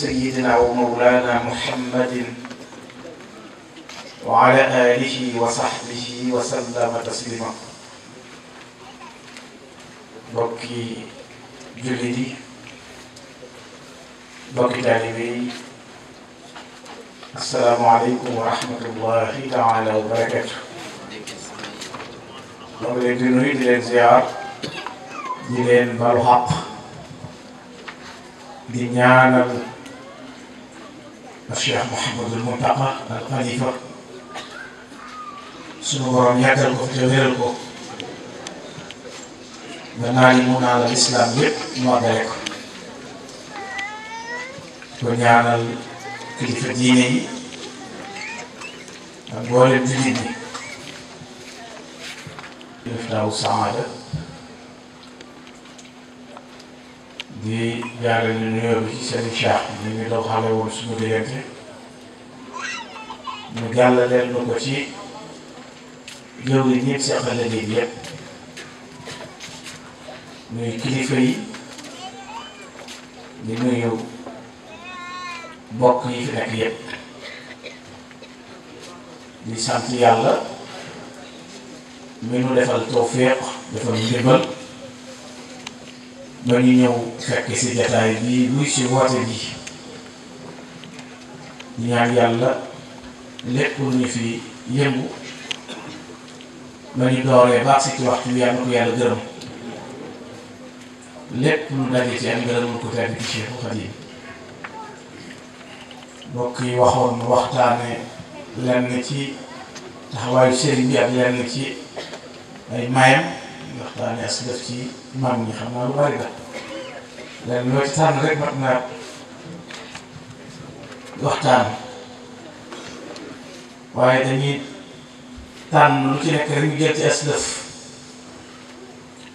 سيدنا ومولانا محمد وعلى آله وصحبه وسلم تسليما بكي جلدي بكي طالبي السلام عليكم ورحمة الله تعالى وبركاته لو دي نوي دي لين زيار دي لين بالحق دي ñaanal Cheikh Mouhamadul Mountakha al Khalifa suñu borom yàggal ko te wéral naa la lislaam yépp mu àggale ko ko ñaanal kilifa diine yi ak boolem jullit saada di jaarale ñu nuyoo bi ci seen cheikh ñu ngi doon xale woon suñu diggante ñu jàllaleen nu ko ci yow yi ñëpp seqal la léegi yëpp ñuy kilifa yi di nuyu bokk yi fi nekk yëpp di sant yàlla mi nu defal tawféex defal ndimbal ñooñu ñëw fekk si jataay bi muy si woote bi ñaan yàlla lépp lu ñu fi yëngu ba ñu dooree baax si ci waxtu yàlla ko yàlla gërëm lépp lu daje ci ak gërëm ko tedd ci Cheikh Khadim mbokk yi waxoon waxtaane lenn ci taxawaayu sëriñ bi ak lenn ci ay mayam ndax daanaka su ci maam ñi xam naa lu bari la léegi loo ci tànn rek mat naa waxtaan waaye dañuy tànn lu ci nekk rek ñu jël ci as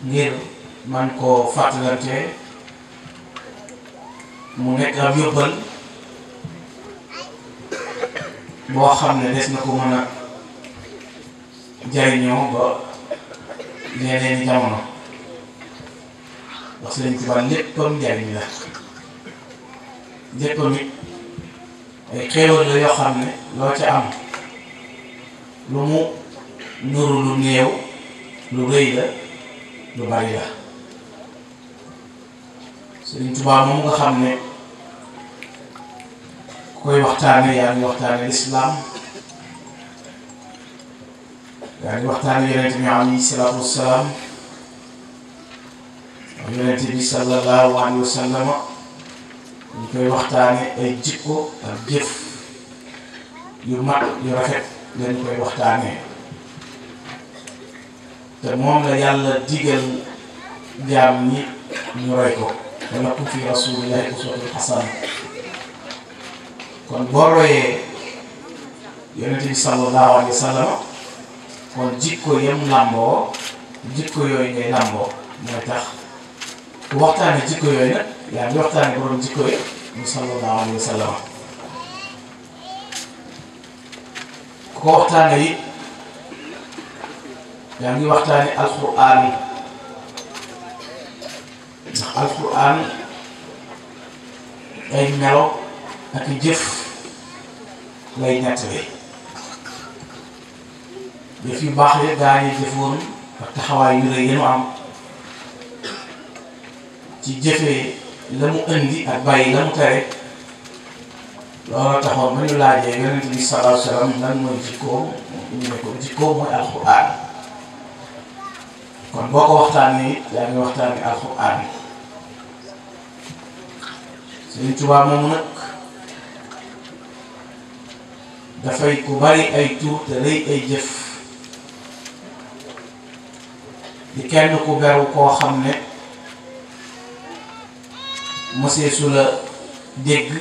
ngir man koo fàttalante mu nekk am yóbbal boo xam ne des na ko mën a jariñoo ba yeneen jamono ndax Sëriñ Tuubaa léppam njariñ la léppam it ay xéewal la yoo xam ne loo ca am lu mu nuru lu néew lu rëy la lu bari la Sëriñ Tuubaa moom nga xam ne koy waxtaane yaa ngi waxtaane lislaam daañu waxtaan yonent bi alayhi salaatu wassalaam yonent bi sallallahu alayhi wa sallam ñu koy waxtaane ay jikko ak jëf yu mag yu rafet lañu koy waxtaanee te moom la yàlla digal jaam ñi ñu roy ko dana ko fi rasulillahi uswatul xasana kon boo royee yonent bi sallallahu alayhi wa sallam kon jikko yem làmboo jikko yooyu ngay làmboo mooy tax waxtaane jikko yooyu nag yaa ngi waxtaane yi mu ko waxtaane yi yaa ngi waxtaane alquran ndax alquran ay melo ak jëf lay ñett bi jëf yu baax yi gaa jëfoon ak taxawaay yu rëy yi am ci jëfee la mu indi ak bàyyi la mu tere loolu taxoon ba ñu laajee yonent bi sallallahu alayhi wa sallam lan mooy jikkoo ñu ne mooy alxuraan kon boo ko waxtaanee yaa ngi waxtaanee alxuraan Sëriñ Tuubaa moomu nag dafay ku bari ay tuur te rëy ay jëf di kenn ku beru koo xam ne mosee su la dégg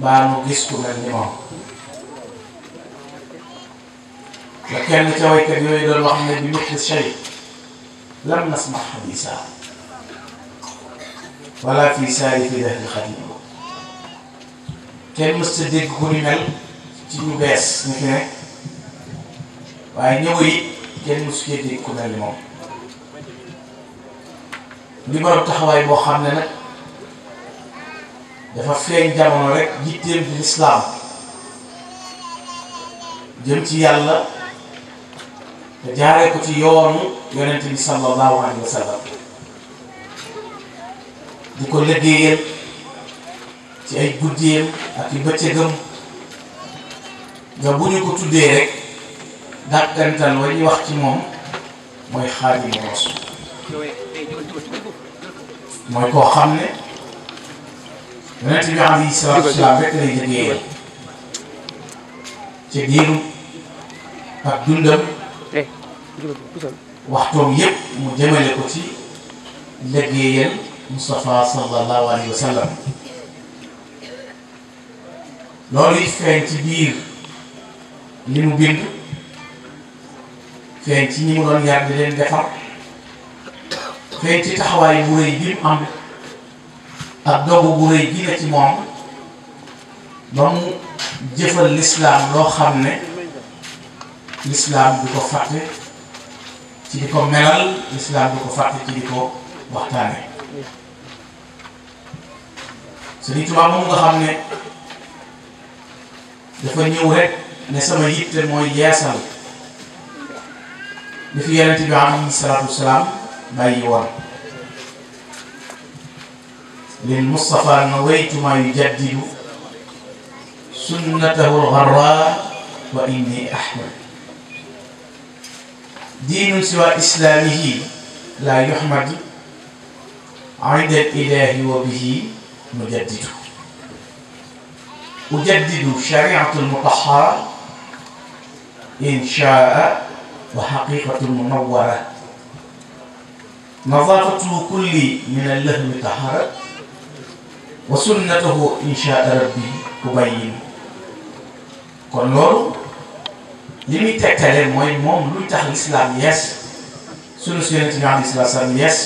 baa mu gis ku mel ni moom la kenn ca waykat yooyu doon wax ne bi mithli shay lam nasma xadisa wala fi saarifi dahri xadim kenn mës sa dégg ku ni mel ci ñu bees ñu ne waaye ñëw yi kenn mu su yëg ku mel moom di taxawaay boo xam ne nag dafa feeñ jamono rek jitteem ci lislaam jëm ci yàlla te jaaree ko ci yoonu yonent bi sallallahu alayhi wa ko liggéeyal ci ay guddeem ak i bëccëgam nga bu ñu ko tuddee rek dàggantal wa ñuy wax ci moom mooy Xaadimu Rasuul mooy koo xam ne yonent bi alayhi salaatu wa salaam rek lay liggéeyal ci diiru ak dundam waxtoom yépp mu jëmale ko ci liggéeyal Moustapha sallallahu alayhi wa sallam loolu it feeñ ci biir li mu bind feeñ ci ñi mu doon yar leen defar feeñ ci taxawaay bu rëy bi mu am ak dogu bu rëy gi ne ci moom ba mu jëfal lislaam loo xam ne lislaam du ko fàtte ci di ko melal lislaam du ko fàtte ci di ko waxtaane Sëriñ Tuubaa moom nga xam ne dafa ñëw rek ne sama yitte mooy yeesal li fi yonent bi alayhi salaatu wasalaam bàyyi woon lil Mustafa nawaytu ma yujaddidu sunnatahu lgarra wa inni ahmad diinun siwa islaamihi la yuhmadu inda ilaahi wa bihi mujaddidu ujaddidu shariatu lmutahara in shaa wa xaqiqatul munawwara nadaafatu kulli min allahmi tahara wa sunnatahu inshaa rabbi ubayyin kon loolu li muy tegtale mooy moom luy tax lislaam yees sunu si yonent bi alayhi salaatu salaam yees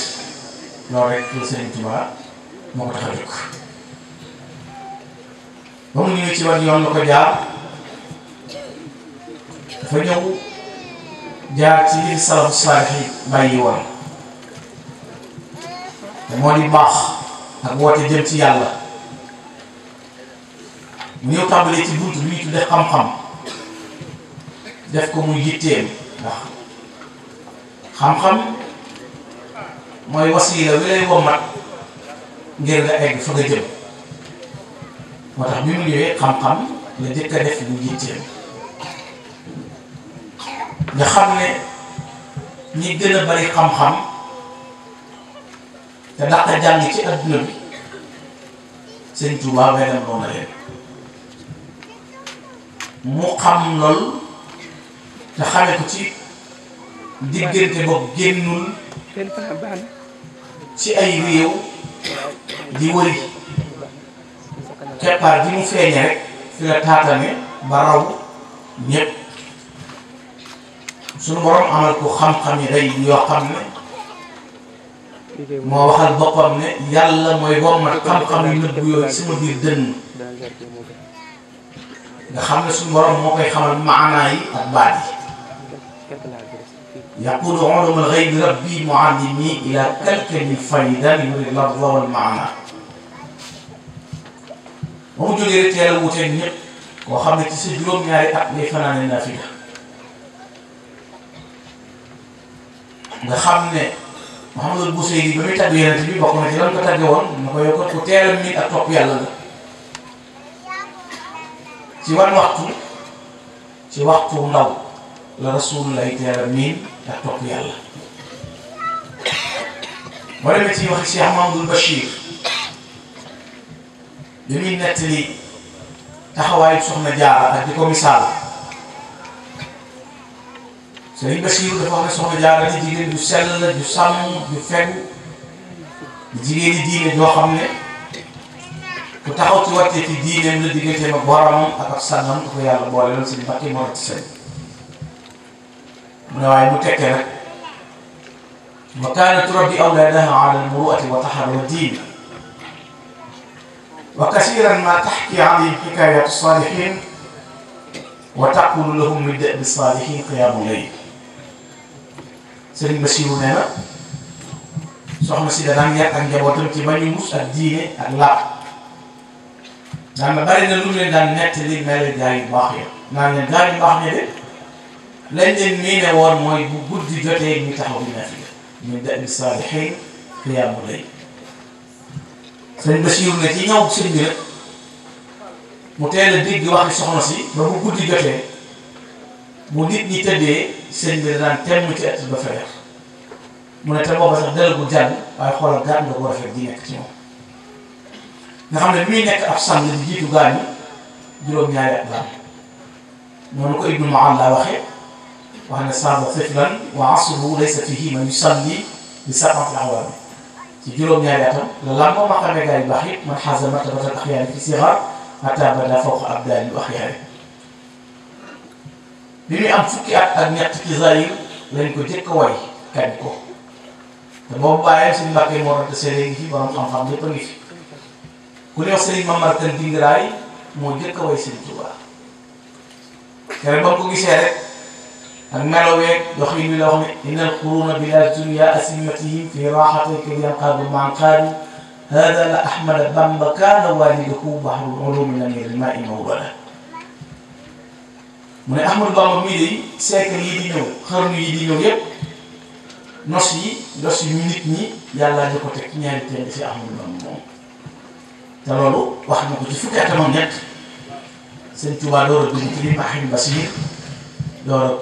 loolu rek la Sëriñ Tuubaa moo ko tax a jóg ba mu ñëwee ci wan yoon la ko jaar dafa ñëw jaar ci li salafu saalix yi bàyyi woon te moo di baax ak woote jëm ci yàlla mu ñëw tàmbalee ci buntu bi ñuy tudde xam-xam def ko mu yitteem ndax xam-xam mooy wasiila wi lay wommat ngir nga egg fa nga jëm moo tax bi mu ñëwee xam-xam la njëkk def bu yitteem nga xam ne ñi gën a bari xam-xam te dàq jàng ci adduna bi sëñ Tuubaa may dem noonu leen mu xam loolu te xame ko ci diggante bopp génnul ci ay réew di wëri keppaar gi mu feeñe rek fi la taatane ba raw ñépp suñu borom amal ko xam-xam yi day yoo xam ne moo waxal boppam ne yàlla mooy wommat xam-xam yu nëbbu yooyu sama biir dënn xam ne suñu borom moo koy xamal maanaa yi ak baat yi yaqulu ulama al-ghaybi rabbi muallimi ila kalkani faydan yuri lafza wal maana ba mu jógee rek teel a wuuteeg ñëpp koo xam ne ci sa juróom-ñaari at ngay fanaane naa fi nga xam ne Mouhamadul Busayri ba muy tagg yonent bi bokk na ci lan ko tagge woon na ko yokkat ko teelam nit ak topp yàlla la ci wan waxtu ci waxtu ndaw la rasulullah teelam miin ak topp yàlla moo demee ci waxi Cheikh Mamadou Bachir li muy nettali taxawaayu soxna jaara ak di ko misaal Serigne Bassirou dafa wax ne soxna Jaara ci jigéen ju sell ju sàmm ju fegu jigéen yi diine joo xam ne ku taxaw ci wàccee ci diineem la digganteem ak boromam ak ak sànnam ku ko yàlla boole loolu sëñ Mbàkke moo ci sëñ mu ne waaye mu tekkee nag wa kaanat turabbi awlaadaha ala al-muru'ati wa taharri wa diin wa kasiiran maa tahki anhum hikaayaatu saalihiin wa sëriñ Bassirou nee na soxna si danaan yar ak njabootam ci bañu mus ak diine ak laab daan na bari na lu na leen gaa yu baax ya naan leen gaa yu baax leen miine woon mooy bu guddi jotee ñu taxaw di naafila min dabi saalihiin qiyaamu layl sëriñ Bassirou ne ci ñaw sëriñ bi nag mu teel a dégg waxi soxna si ba bu guddi jotee bu nit ñi tëddee sëñ bi daan temm ci ba fajar mu ne te booba sax dalagul jàng waaye xoolal gaan nga bu rafet di nekk ci xam ne bi muy nekk ab sang di jiitu gaan yi juróom-ñaari at la noonu ko Ibnu Mualla waxee wax ne saaba tiflan wa asruhu laysa fihi man yusalli bi sab'ati awaami ci juróom-ñaari atam la lan moo ma xamee gaa yu baax yëpp man xaasa martabata al axyaani fi sigar hatta bada fawqa abdaani al axyaani bi muy am fukki ak ñett ci zahir lañ ko jëkk way kañ ko te boobu bàyyee suñu mbàkkee moo rante séeréer ngi fi borom xam a ngi fi ku ñuy wax sëriñ Mamar Kan Dingiraay moo jëkk way Sëriñ Tuubaa keneen ba mu ko gisee rek ak meloweeg doxin bi la wax ne inna alquruuna bila dunya asimatihim fi raaxatin kayanqaadu manqaadu hada la ahmada bamba kaana waalidahu bahrul ulumi lam yalma mawbala mu ne Ahmadou Bamba muy dey siècle yi di ñëw xarnu yi di ñëw yépp nos yi nos yi nit ñi yàllaa ñu ko teg ñaari teen fi Ahmadou Bamba moom te loolu wax na ko ci fukki atamam ñett sëñ Tuubaa door a dugg ci li Maxin Basiir door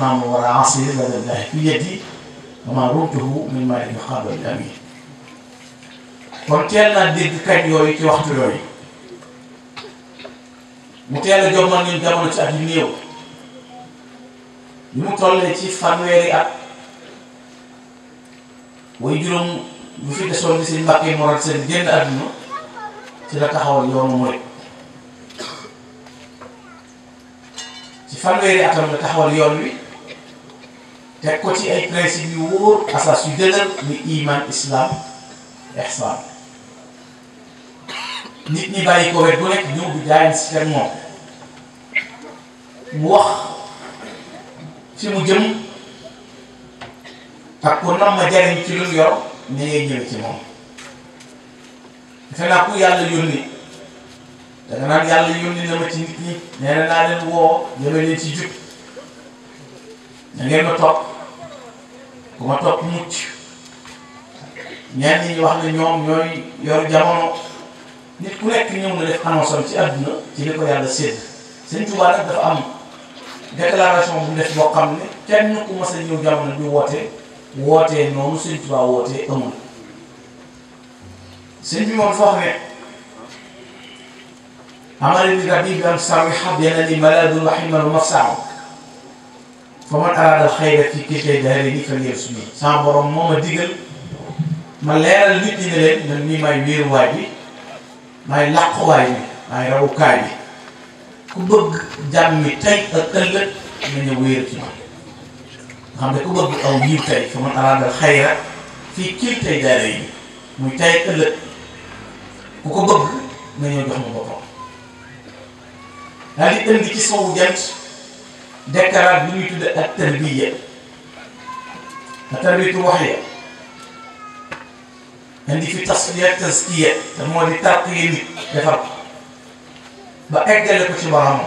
maamu war a asir radiyallaahi fi yeddi dama ruutuhu min maa yi xaabal amin kon teel naa dégg kañ yooyu ci waxtu yooyu mu teel a jommal ñun jamono ci at yu néew ñu mu tollee ci fanweeri at way juróom bu fi desoon ni seen mbàkkee moral seen génn àdduna ci ci la taxawal yoon wi teg ko ci ay principe yu wóor asas yu dëgër ni iman islam ihsan nit ñi bàyyi ko bu nekk ñëw bi jaayam si kenn moom mu wax fi mu jëm ak na nam ma jariñ ci lu mu yor ni ngay ñëwee ci moom defe naa ku yàlla yónni danga naan yàlla yónni na ma ci nit ñi nee na naa leen woo jëme leen ci jub da ngeen ma topp ku ma topp mucc wax ne ñoom ñooy yor jamono nit ku nekk ñëw na def annonce am ci àdduna ci li ko yàlla sédd Sëñ Tuubaa nag dafa am déclaration bu def boo xam ne kenn ku mas a ñëw jamono bi woote wootee noonu Sëñ Tuubaa wootee amul sëñ bi moom foo ne amari bi bi am sawi xab yana ni maladul waximalu maf saaw fa man araadal xayra fi kiltay dahri ni fa leer suñu sama borom moo ma digal ma leeral nit ñi leen man nii may wéeruwaay bi may làquwaay bi may rawukaay bi ku bëgg jàmmi tey ak ëllëg na ñëw wéer ci man xam aw yiw tey fa man araadal xayra fii kii tey jaare yi muy tey ku ko bëgg na ñëw jox ma boppam daal di indi ci sowu jant décaraat bi ñuy tudde ak tarbiya ak tarbiyatu wax fi tasfiya taskiya te moo di tàq yi nit defar ba eggale ko ci boromam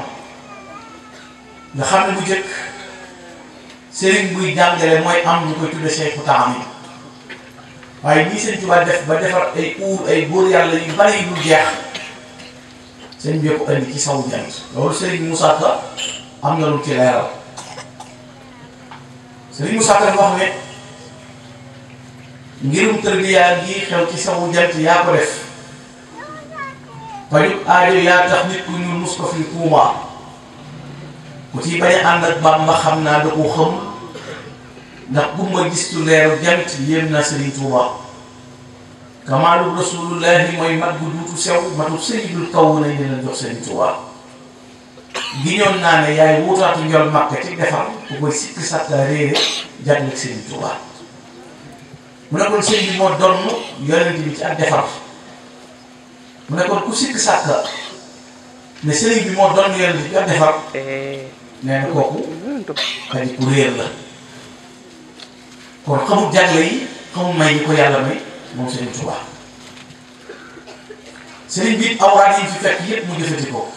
nga xam ne bu jëkk sëriñ buy jàngale mooy am ñu koy tudde seexu taam yi waaye ñii sëñ Tuubaa def ba defar ay uur ay góor yàlla yu bari yu jeex sëñ bi ko indi ci sawu jant loolu sëriñ Moussa Ka am na lu ci leeral sëriñ Moussa Ka wax ne ngirum tërbiyaa gi xew ci sawu jant yaa ko def fajut aajo yaa tax nit ku ñuul mos ko fii tuuma ku ci bañ a ànd ak Bàmba xam naa da koo xam ndax gumba gistu leeru jant yéem na Sëriñ Tuuba kamaalu rasulullahi mooy mat gu duutu sew matu sayyidul kaw nañ ne leen jox Sëriñ Tuuba giñoon naa ne yaay wuutaatu njol màkk ci defar ku koy sikki sàkka réere jàll ak Sëriñ Tuuba mu ne kon sëriñ moo donn yonent bi ci ak defar mu ne kon ku sikk sàkk ne sëriñ bi moo doon leen di jot defar eh. nee na kooku xëy ku réer la kon xamul jàngle yi may yi ko yàlla may moom sëriñ Tuubaa sëriñ bi awraat yi fekk yépp mu jëfati ko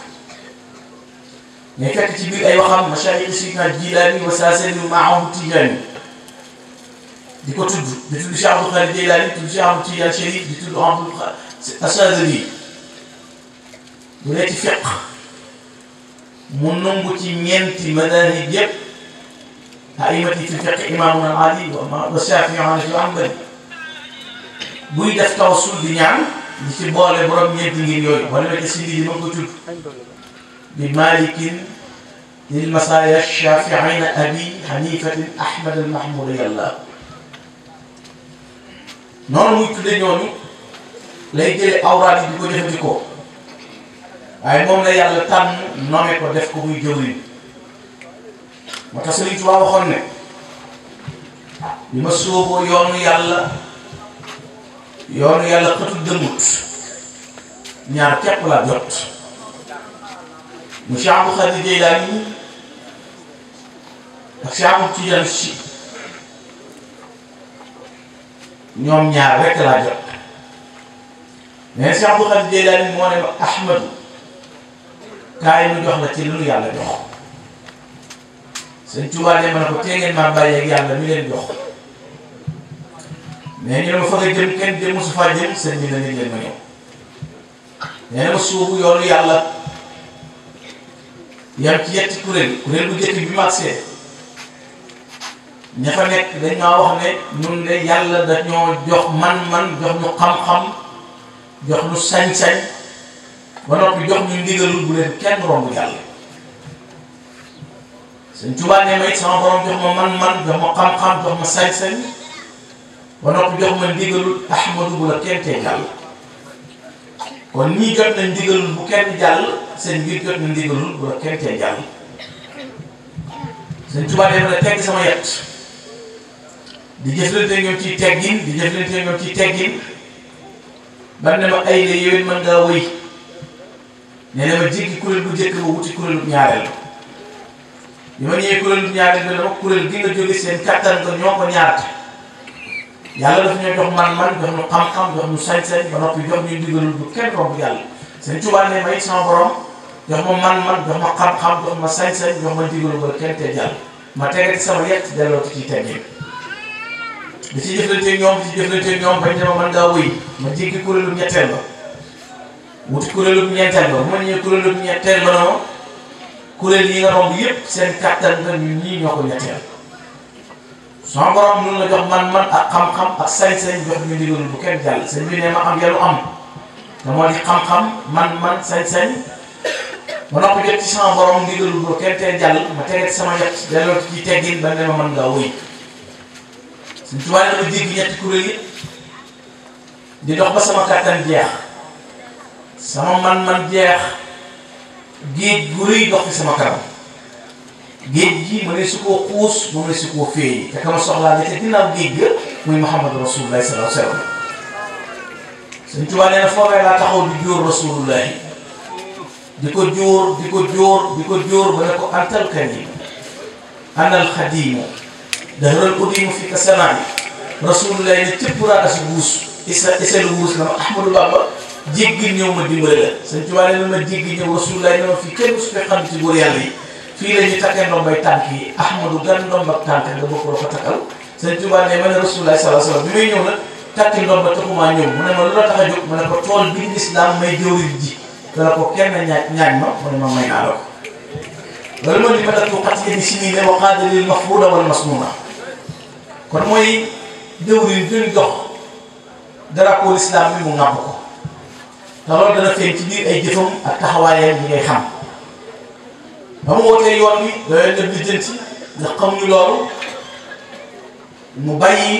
mais fekk ci biir ay waxam masaayix Seydina Jilaani wa Saaseeni maahum Tijaani di ko tudd di tudd Cheikh Abdou Khadre Jilaani di tudd Cheikh Abdou Tijaani Chérif di tudd Abdou Ashadili mu ne ci fiq mu nangu ci ñeenti madaahib yëpp aimati fi fiq imaamuna Ali wa Shaafi'i wa Hanbali buy def tawassul di ñaan di ci boole borom ñeenti ngir yooyu wala ma ci lii di mën ko tudd bi Malikin lil masaaya Shaafi'ina Abi Hanifatin Ahmad al-Mahmud yàlla noonu muy lay jëlee awraat yi di ko jëfandikoo waaye moom la yàlla tànn nommé ko def ko muy jëwriñ moo tax Sëriñ Tuubaa waxoon ne bi ma sóoboo yoonu yàlla yoonu yàlla xëtu dëngut ñaar képp laa jot mu Cheikh Abdou Khadir Jeylaani ak Cheikh Ahmad Tidiane Sy ñoom ñaar rekk laa jot nee Cheikh Abdou Khadre Jeylaani moo ne ma Ahmadu kaay mu jox la ci lu yàlla jox sëñ Tuubaa de ma ne ko tee ngeen maa bàyyi ak yàlla mi leen jox nee ñu ne ma fa nga jëm kenn jëm su faa jëm sëñ bi na nit leen ma ñëw nee na ma suubu yoonu yàlla yam ci yetti kuréel kuréel bu jëkk bi magsee ña fa nekk dañ maa wax ne ñun de yàlla dañoo jox man-man jox ñu xam-xam jox ñu sañ-sañ ba noppi jox ñu ndigalul bu leen kenn romb jàll sëñ Tuubaa ne ma sama borom jox ma man-man jox ma xam-xam jox ma sañ-sañ ba noppi jox ma ndigalul ahmadu bu la kenn tee jàll kon ñii jot nañ ndigalul bu kenn jàll seen biir jot na ndigalul ma ne tegg sama yet di jëflante ñoom ciy teggin di jëflante ñoom ciy teggin ba ne ma ay la yéwén mën ngaa wëy nee na ma jéggi kuréel bu njëkk ba wuti kuréel ñaareel bi ma ñëwee kuréel bu ñaareel bi dama kuréel gi nga jóge seen kattan ko ñoo ko ñaarate yàlla dafa ñoo jox man-man jox ma man-man jox ma xam-xam jox ma sañ-sañ jox ma digalul ba kenn te jàll ma tegati sama yett delloo ci teggin di ci jëflanteeg ñoom di ci dama mën ngaa wëy ma jékki kuréelum ñetteel ba wuti kuréelum ñeenteel ba bu ñetteel ba noonu kuréel yi nga romb yëpp seen kattan nga ñun ñii ñoo ko man am yàlla am xam man-man sañ-sañ ma noppi jot ci sama borom ndigal bu kenn ngaa wëy. suñ tubaab dama dégg ñetti kuréel yi di dox ba sama kàttan jeex sama man-man jeex géej gu rëy dox fi sama kanam géej gi ma ne su koo xuus ma ne su koo féey te kama soxlaa ne te ginnaaw géej ga muy Muhammadu Rasulullahi sallallahu suñ tubaab na foofee laa taxaw di jóor Rasulullahi di ko jóor di ko jóor di ko ko antal kanim anal xadiimu dahral qadimu ma ahmadu bamba jéggi ñëw ma dimbale la sëñ Tuubaa ne ma jéggi ñëw rasulullah ne ma su fekk xam ci góor yi ma ne rasulullah salaa salaam bi may ñëw nag takki ndomba taxumaa ñëw mu ne ma lu la tax a jóg ma ne ko tool bi lislaam may jëwriñ ji dana ko kenn ñaaj ñaaj ma ne ma may naa la ko loolu mooy li ma def ko xat si nii ne wa qaada lil mafbuda wal masnuna kon mooy déwlu yi dinañ dox drapeau l'islam bi mu nàmp ko te yi ngay xam ba mu wootee yoon wi dooy dem lijjanti ndax xamuñu loolu mu bàyyi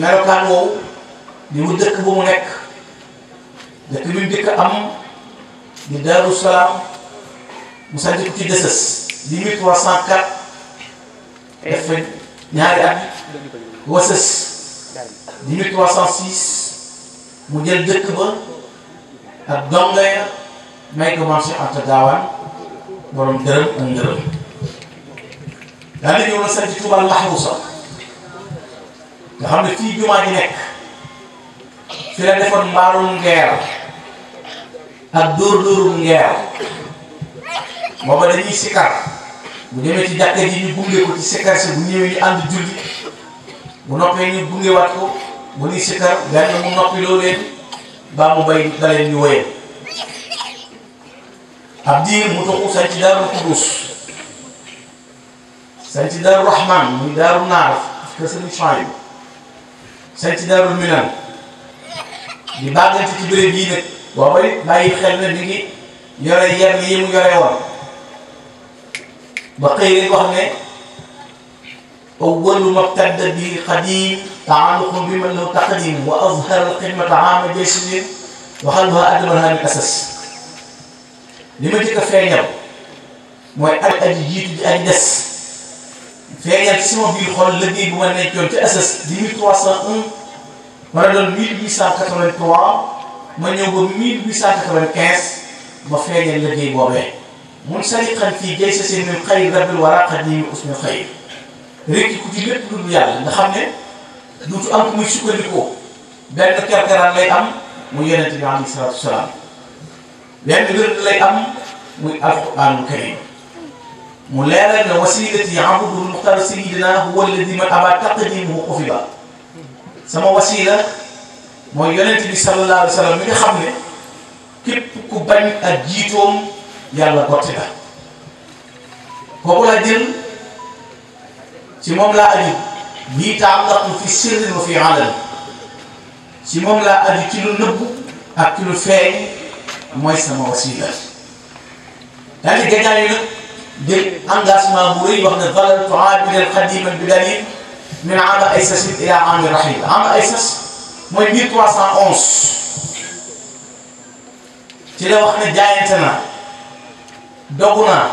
melokaan woowu ni mu dëkk bu mu nekk dëkk bi dëkk am di Daaru Salaam mu sanc ko ci dësës di 1304 def fa ñaari at Wassës 18306 mu jël dëkk ba ak donga ya may ko maam Cheikh Anta Gaawaan borom dërëm ak ndërëm daal di ñëw na sañ ci Touba Laxrusa xam ne fii jumaa ji nekk fi la defoon mbaarum ngeer ak dóor dóorum ngeer booba dañuy sikar bu demee ci jàkka ji ñu gunge ko ci sikar si bu ñëwee ñu ànd julli bu noppee ñu gungewaat ko bu ni sikkar gànn mu noppi loo leen baa mu bay daleen ñu woyee ab diir mu toxu sañ ci daarul kudus sañ ci daarul rahman muy daarul naar kër sëriñ Faayu sañ ci daarul minan di bàggante ci béréb yii nag booba it bàyyi xel na mi ngi yore yar yi mu yore woon ba xëy rek wax ne أول ما ابتد به قديم تعلق بمن له تقديم وأظهر الخدمة عام جيش الدين وحلها أدبرها من أساس li ma njëkk a feeñal mooy ak aji jiitu ji aji des feeñal ci sama biir xol liggéey bu ma nekkoon ci asas di mille trois cent un war a doon mille huit cent quatre-vingt-trois ma ñëw ba mille huit cent quatre-vingt-quinze ma feeñal liggéey boobee mun sariqan fii jay sa seen réegi ku ci lépp lu dul yàlla nga xam ne duutu am ku muy sukkandikoo benn kerkeraan lay am muy yonente bi alayhi salaatu salaam benn wér lay am muy alquraanu karim mu leeral ne wasilati abdul muxtar sayidina huwa alladi man aba taqdimuhu xufiba sama wasila mooy yonente bi sallallahu alayhi wa sallam mi nga xam ne képp ci moom la aju lii taallaqu fi sirrin wa fi alal ci moom la aju ci lu ak ci lu feeñ sama wasila daal di gàncax gi nag jël engagement bu rëy wax ne valal tuaabidal xadima bi dalil min ama ay sas it ila ami rahil ama ay sas mooy 1311 ci la wax ne jaayante na dogu naa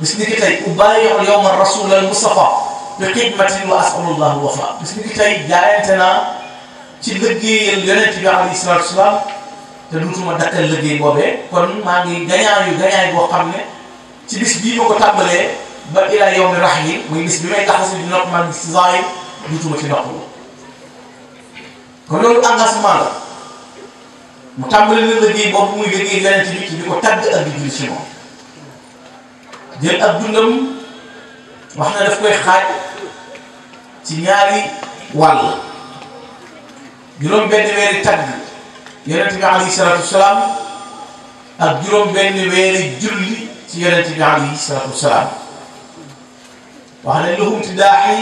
bis ni ki tey ubaayi'u yawma rasul al mustafa bi xidmatin wa asalullah wafa bis ni tey jaayante naa ci liggéeyal yonent bi alayhi salaatu wasalaam te dutuma dakkal liggéey boobee kon maa ngi gañaayu gañaay boo xam ne ci bis bii ma ko tàmbalee ba ila yawmi rahim muy bis bi may taxasu di nopp man si zaahir dutuma ci noppalu kon loolu engagement la mu tàmbali na liggéey boobu muy liggéey yonent bi ci di ko tàgg ak di julli ci moom jël ab wax na daf koy xaaj ci ñaari wàll juróom benn weeri tagg yonent bi alayhi salaatu wasalaam ak juróom benn weeri julli ci yonent bi alayhi salaatu wasalaam wax na lahum tidaaxi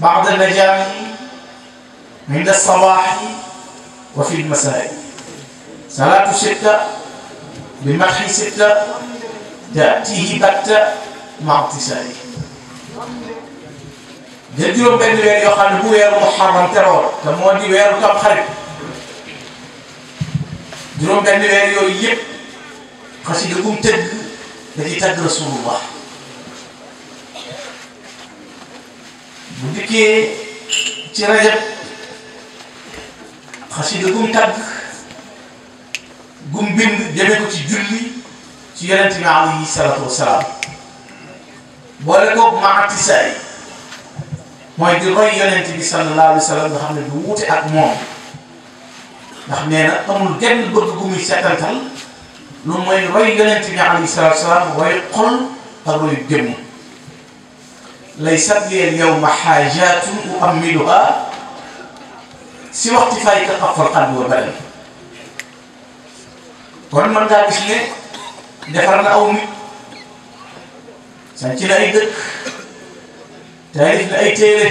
baada najaaxi inda sabaaxi wa fi lmasaa'i salaatu sitta bi matxi sitta taatihi batta maati saa yi. jël juróom benn weer yoo xam ne bu weeru muharram teroo te moo di weeru tam xarit benn weer yooyu yëpp xasida bu mu tëgg rasulullah bu dikkee ci rajab xasida gum tagg bind jëme ko ci julli ci yonent bi alayhi salaatu wasalaam boole kooku maati saay mooy di roy yonent bi sallallahu alayhi wa sallam nga xam ne du wuute ak moom ndax nee na amul genn bëgg gu muy setantal lu mooy roy yonent bi alayhi salaatu salaam roy xol ak roy jëmm lay satliyel yow ma xaajaatun u ammiluha si waxtu fay ka xafal xalbi wa badan kon mën ngaa gis ne defar na aw nit sànci na ay dëkk taalif na ay téere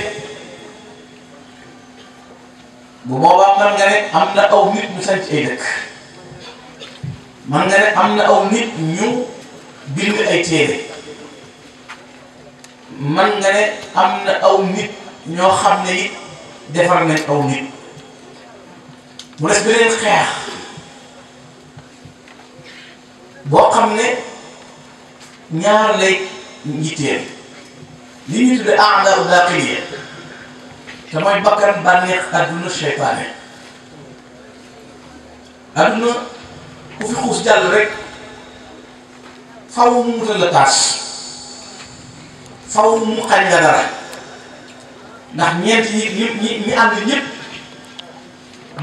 bu boobaa man nga ne am na aw nit ñu sànci ay man am na aw nit ñu ay téere man nga ne am na aw nit ñoo xam ne it defar nañ aw nit mu des beneen xeex boo xam ne ñaar lay. njitteel li ñu tuddee aadaaw daaxiliya te mooy bakkan bànneex adduna seytaane adduna ku fi xuus jàll rek faw mu mutal la taas faw mu xañ la dara ndax ñeent yi ñi ñi ñi ànd ñëpp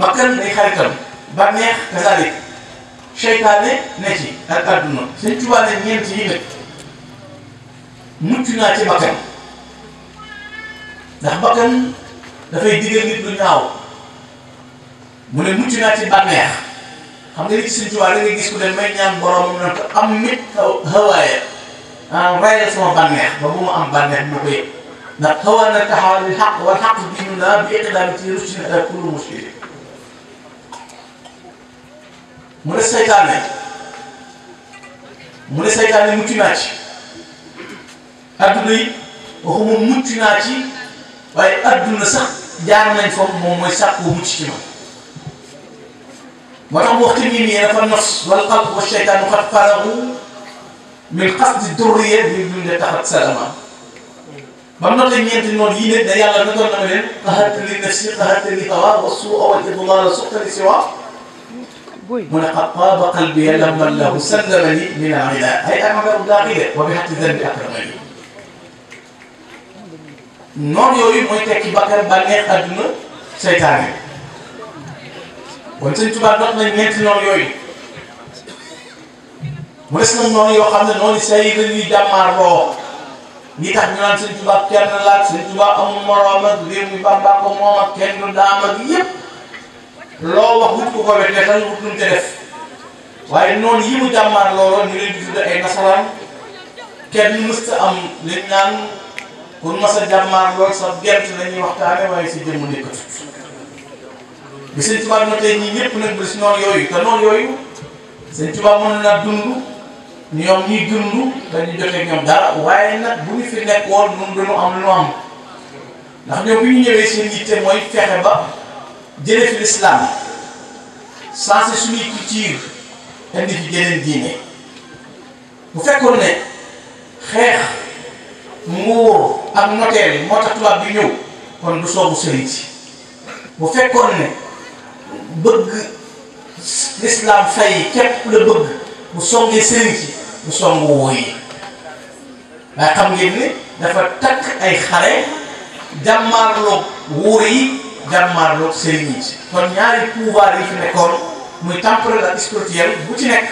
bakkan day xaritam bànneex kasalik seytaane ne ci ak adduna suñ tubaane ñeent yi nag mucc naa ci bakkan ndax bakkan dafay digal nit lu ñaaw mu ne mucc naa ci bànneex xam nga li ci Sëñ Tuubaa da gis ku dem may ñaan borom na ko am nit xawaaye ah rayal sama ba bu mu am bànneex mu ko ndax xawaa na taxawal bi xaq wala xaq bi ñu naan bi iqdaami ci russi na ak kullu muskil mu ne saytaane mu ne saytaane mucc naa ci adduna yi waxuma mucc naa ci waaye adduna sax jaar nañ foofu moom mooy sàkku mucc ci ma moo tax mu wax te nit ñi dafa nafs wal qalb wa sheytaanu xat faragu min qasdi durriya min dunda taxat salama ba mu noté ñeenti noonu yii ne da yàlla na doon na ma leen qaharta li nafsi qaharta li hawa wa suua wal idlaala suxta li siwa mu ne qad taaba qalbiya lamman lahu sallamani min alila ay amagaru daaqile wa bi xatti danbi akramani noonu yooyu mooy tekki bàkkaar bànneex àdduna seytaane kon sëñ Tuubaa dox nañ ñeenti noonu yooyu mu des nag noonu yoo xam ne noonu say dañuy jàmmaarloo ñi tax kenn laaj sëñ Tuubaa amul moroom ak réew mi ko moom kenn du daam ak yëpp loo wax wut ko ko wetee tan wut luñ ca def waaye noonu yi mu jàmmaarloo ñu leen di tudd ay nasaraan kenn mësta am liñ naan pour mas a jàmmaar lool sa gent la waxtaane waaye si jëmm nekkatu bi sëñ Tuubaa na tey ñii ñëpp nag bis noonu yooyu te noonu yooyu sëñ Tuubaa mën naa dund ñoom ñuy dund dañu joteeg ñoom dara waaye nag bu ñu fi nekk woon nun dañu am lu am ndax ñoom bi ñu ñëwee seen yitte mooy fexe ba jële fi lislaam sensé suñuy culture indi fi jëleen diine bu fekkoon ne xeex muur ak notaire yi moo tax tubaab bi ñëw kon du soobu sëriñ si bu fekkoon ne bëgg lislaam fay képp la bëgg bu songee sëriñ si bu songu woo yi waaye xam ngeen ni dafa takk ay xale jàmmaarloog wóor yi jàmmaarloog sëriñ yi kon ñaari pouvoir yi fi nekkoon muy temporel ak spirituel bu ci nekk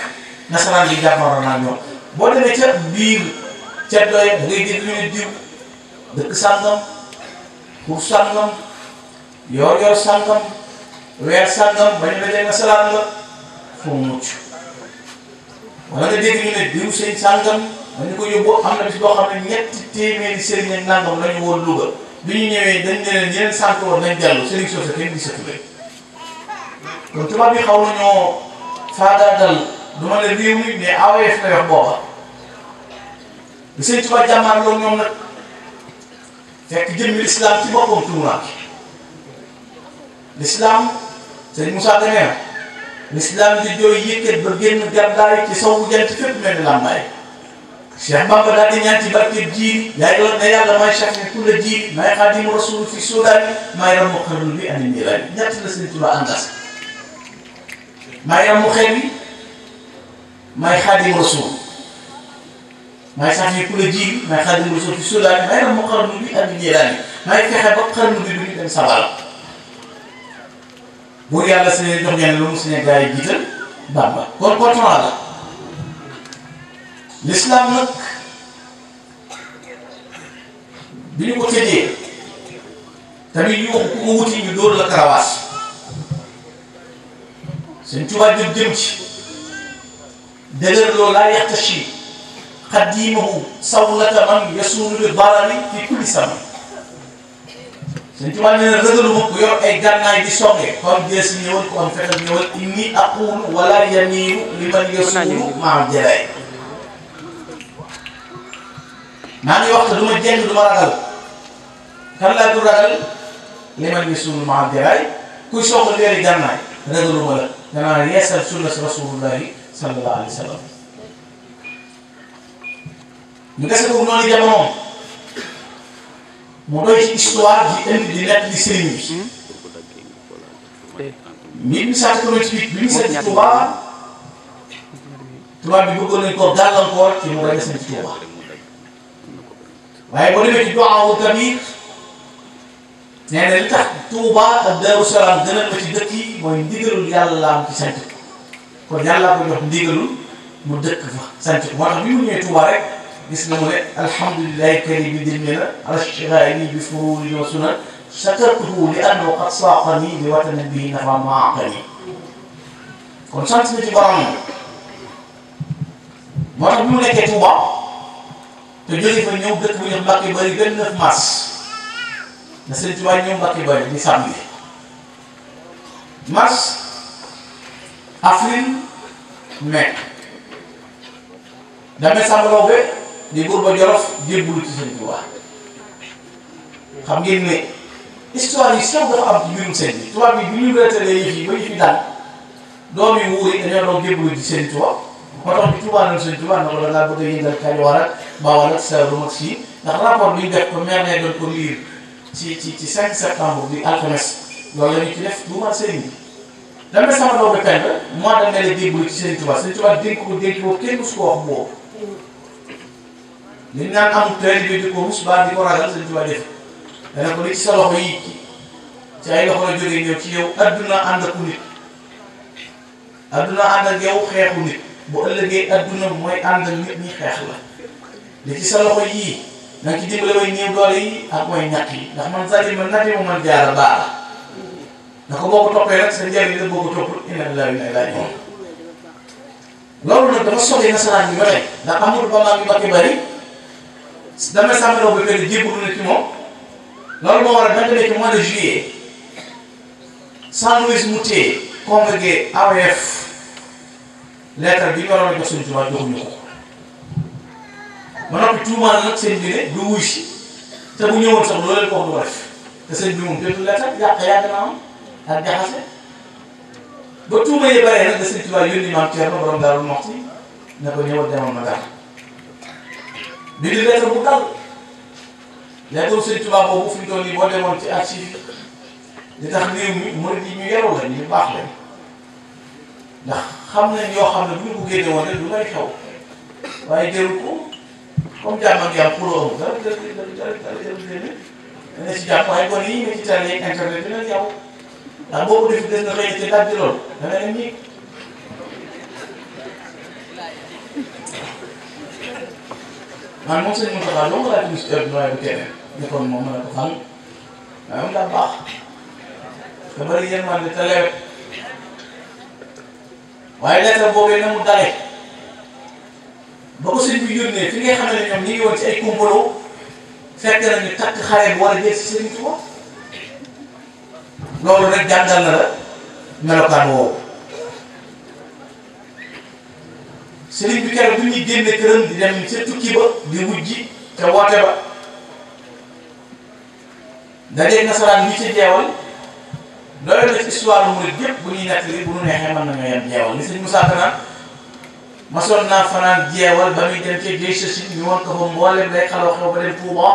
nasaraan yi jàmmaaroon naa ñoom boo demee ca biir ceddo yi da ngay dégg ñu ne diw dëkk sàngam pour sàngam yor-yor sàngam weer sàngam bañ la jënd salaam la foo mucc nga dégg ñu ne diw sëñ sàngam dañu ko yóbbu am na bis boo xam ne ñetti téeméeri sëriñ ak nangam la ñu woon Louga bi ñu ñëwee dañ ne leen yeneen sant woon nañ jàll sëriñ Socé kenn gisatu leen kon tubaab bi xaw nañoo faagaagal du ma ne réew mi mais AOF la yor booba. bi sëñ Tuubaa jàmmaar loolu ñoom nag fekk jëmmi lislaam ci boppam tuuraat lislaam sëñ Moussa Deme la lislaam di jooy yëkkat ba génn gàddaay ci sowwu jant fépp mel ni làmbaay Cheikh Bamba daal di ñaan ci barkeb jiiri yaay doon ne yàlla may Cheikh ne ku may xaadimu rasul fi suudaani may ramu xarul bi ani niiraani ñett la sëñ Tuubaa àndas may ramu xel bi may xaadimu rasul maay saxee ku la ji maay xaadimu rasul fi suulaani maay dem ma xarnu bi ak jilaani maay fexe ba xarnu bi du ñu dem sabal buur yàlla su ne jox ngeen lu mu su ne gars yi l'islam nag bi ñu ko tëjee tamit yuuxu ku ko la karawaas seen tubaab jëm jëm ci dëgër loolu laa yàq xadiimahu sawlata man yasuulu bi barari fi kulli sama suñ ci wàllu ne rëgalu ma ku yor ay gànnaay di songe kon jees ñëwal ko am fexe ñëwal inni aqulu wala yamiinu li man yasuulu maa jëlaay maa ngi wax du ma jeng du ma ragal kan laa du ragal li man yasuulu maa kuy soxla leeri gànnaay rëgalu ma la danaa yeesal sunna si rasulullahi sallallahu ñu dese ko noonu jamonoom mu doy ci histoire di indi di nekk di sëriñ bi. 1888 bi mu seet Touba Touba bi bëggoon nañu koo gàllankoor ci mu rey seen Touba waaye boo demee ci doxawu tamit nee li tax Touba ak Darou Salaam gën a ci dëkk mooy ndigalul yàlla la am ci sant kon yàlla ko jox ndigalul mu dëkk fa sant moo tax bi mu ñëwee Touba rek. gis nga mu ne alhamdulilahi kari bi dil ne na alashiraani bi furuuri wa sunan sakartuhu li annahu qad saaqani li watana bihi nafa maaqani kon sant na ci borom moo tax mu nekkee te jóge fa ñëw dëkk bu ñu Mbàkke Bari gën mars na sëñ Tuuba ñëw Bari di samedi mars avril mai dame sàmbaloo be di Gourba Jolof jébbalu ci Sëriñ Tuubaa xam ngeen ne histoire yi sew dafa am ci mbirum sëñ bi tubaab bi bi ñu reetalee yëf yi ba yëf yi daan doom yi wuur yi dañoo doon jébbalu ci Sëriñ Tuubaa moo tax bi Tuubaa nañu Sëriñ Tuubaa na ko da ngaa bëgg a yëngal Kajoor ak Bawol ak Saalum ak sii ndax rapport bi ñu def ko meer nee doon ko liir ci ci ci 5 septembre bi alxames loolu la ñu ci def bu mat sëriñ bi dama sama doom bi pend mois de mai la jébbalu ci Sëriñ Tuubaa Sëriñ Tuubaa dénk ko dénk ko kenn su ko wax boobu li ñu naan am teel bi di ko rus baal di ko ragal sëñ Tuubaa def dana ko li ci sa loxo yi ci ay loxo la jógee ñëw ci yow adduna ànd nit adduna ànd ak xeexu nit bu ëllëgee adduna mooy ànd ak ñi xeex la li ci sa loxo yii na ci dimbale way néew doole yi ak way ñàkk yi ndax man saa ma nati ma man jaara ba tey ndax amul ba maa ngi damay sàmm loo ba mel ni jébbalu na ci moom loolu moo waral dañu nekk mois de juillet Saint-Louis mu téye congrégé AOF lettre bi ñu waroon a jox seen tubaab joxuñu ko ma noppi bu ñëwoon sax loolu leen ko wax du ko def te seen bi moom yàq yàgg am ak jaxase ba tuuma yi baree nag da seen tubaab yónni maam Thierno borom Daaru Muxti ne ko ñëwal demoon na dara. bind lettre bu dal lettre Sëñ Tuubaa boobu fi ñu toll nii boo demoon ci archive yi li mi murid yi ñu yaru la ñu baax la ndax xam nañ yoo xam ne bu ñu ko génne woon rek lu lay xew waaye jël ko comme jàmm ak yàlla xuloo amul dara dara dara dara dara dana ci jàpp waaye kon yii nga ci tali yeeg internet dina jaww ndax boo ko defee dina man moom sëñ Moussa Ba dong laa tudd si heure bu keneen nekkoon moom ma ne ko xam ah, waaye moom daa baax te bëri yërmande te na mu dalee ba ko sëñ bi xam ne ñoom ñi ngi woon ci ay complot fekk nañu takk xale bu war a jël si sëñ Tuubaa loolu rek jàngal na la melokaan woowu. sëriñ bi keroog bi ñuy génne këram di dem ca tukki ba di wujji te woote ba dajeeg nasaraan bi ci jeewal doy na ci histoire murid yëpp bu ñuy nettali bu ñu neexee mën nañoo yem jeewal li sëñ Moussa Kanaan masoon naa fanaan jeewal ba muy dem ca géej si ñu woon ko fa mboolem lay xaloo xew ba dem Touba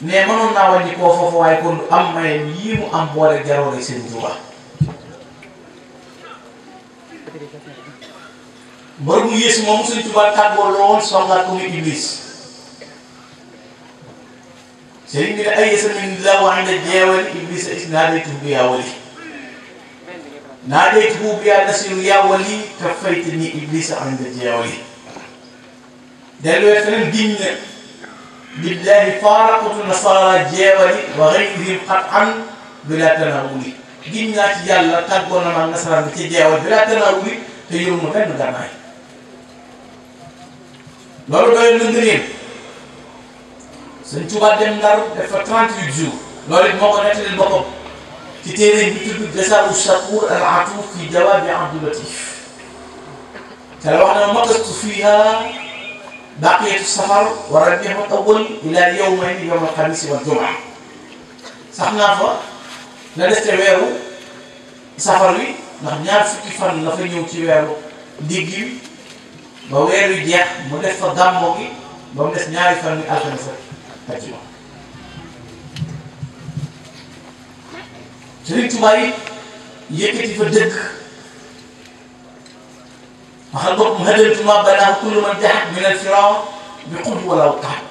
mais mënoon naa wàññi koo foofu waaye kon du am may yii mu am boole jaroo rek sëriñ Touba mbër mu yées moom suñ tubaab tàggoo lool songaat ko muy iblis sëriñ bi ne ay min la wax nga jeewal iblis a naa dee tuub yaawali naa dee tuub yaa nasiru yaawali te fayte ni iblis a ànd jeewali delluwee feneen diñ ne billahi faaraqatu nasara jeewali wa gayrihim xat an bilaa tanawuli giñ naa ci yàlla tàggoo na ma nasaraan bi ca jeewal bilaa tanawuli te yóbbu ma benn gànnaay loolu doy na ngëneel Sëñ Tuubaa dem Ndar def fa 38 jours loolu it moo ko nettali boppam ci téere bi sa Jazaa'u Shakuur al Atuuf fi Jawaabi Abdu Latiif te la wax na makastu fiihaa baqiyatu safar wa rabiihu awwal ila yawmayni yawmal xamiisi wal jumaa sax naa fa la des te weeru safar wi ndax ñaar fukki fan la fa ñëw ci weeru digg ba weer wi jeex mu def fa gàmmo gi ba mu def ñaari fan yi alxames ak àjjuma Sëriñ Tuubaa yi yëkkati fa dëkk waxal bopp mu hadaltuma banaa kullu man jaxat min al firaw bi xud wala qaat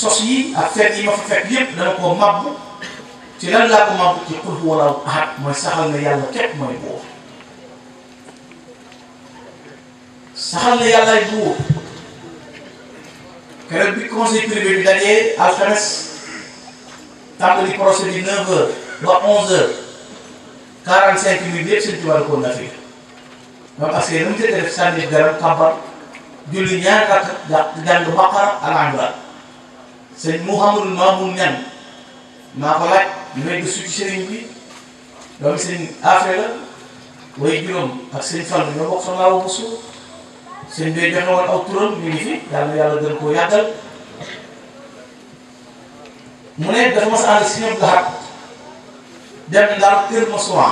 sos yi ak yi ma fa fekk yépp dama koo mabbu ci lan laa ko mabbu ci xud wala qaat mooy saxal na yàlla képp mooy boobu saxal na yàllaay buur keroog bi conseil privé bi dajee alxames tàmbali procès bi 9 heures ba 11 heures 45 minutes yëpp seen tubaab ko na fi moom parce que nu mu tëddee def sànni garab kàmbar julli ñaari rakk jàng baqara ak anbiya sëñ Mouhamadou Mamoun Ñan ko laaj may gëstu ci sëriñ bi doomu sëñ Afre la way juróom ak sëñ Fall ñoo bokk fa laaw ba suuf sëñ bi joxe woon aw turam mi ngi fi yàlla yàlla gën koo yàttal mu ne dafa mas a ànd si ñoom Lahad dem ndaal kër Moussa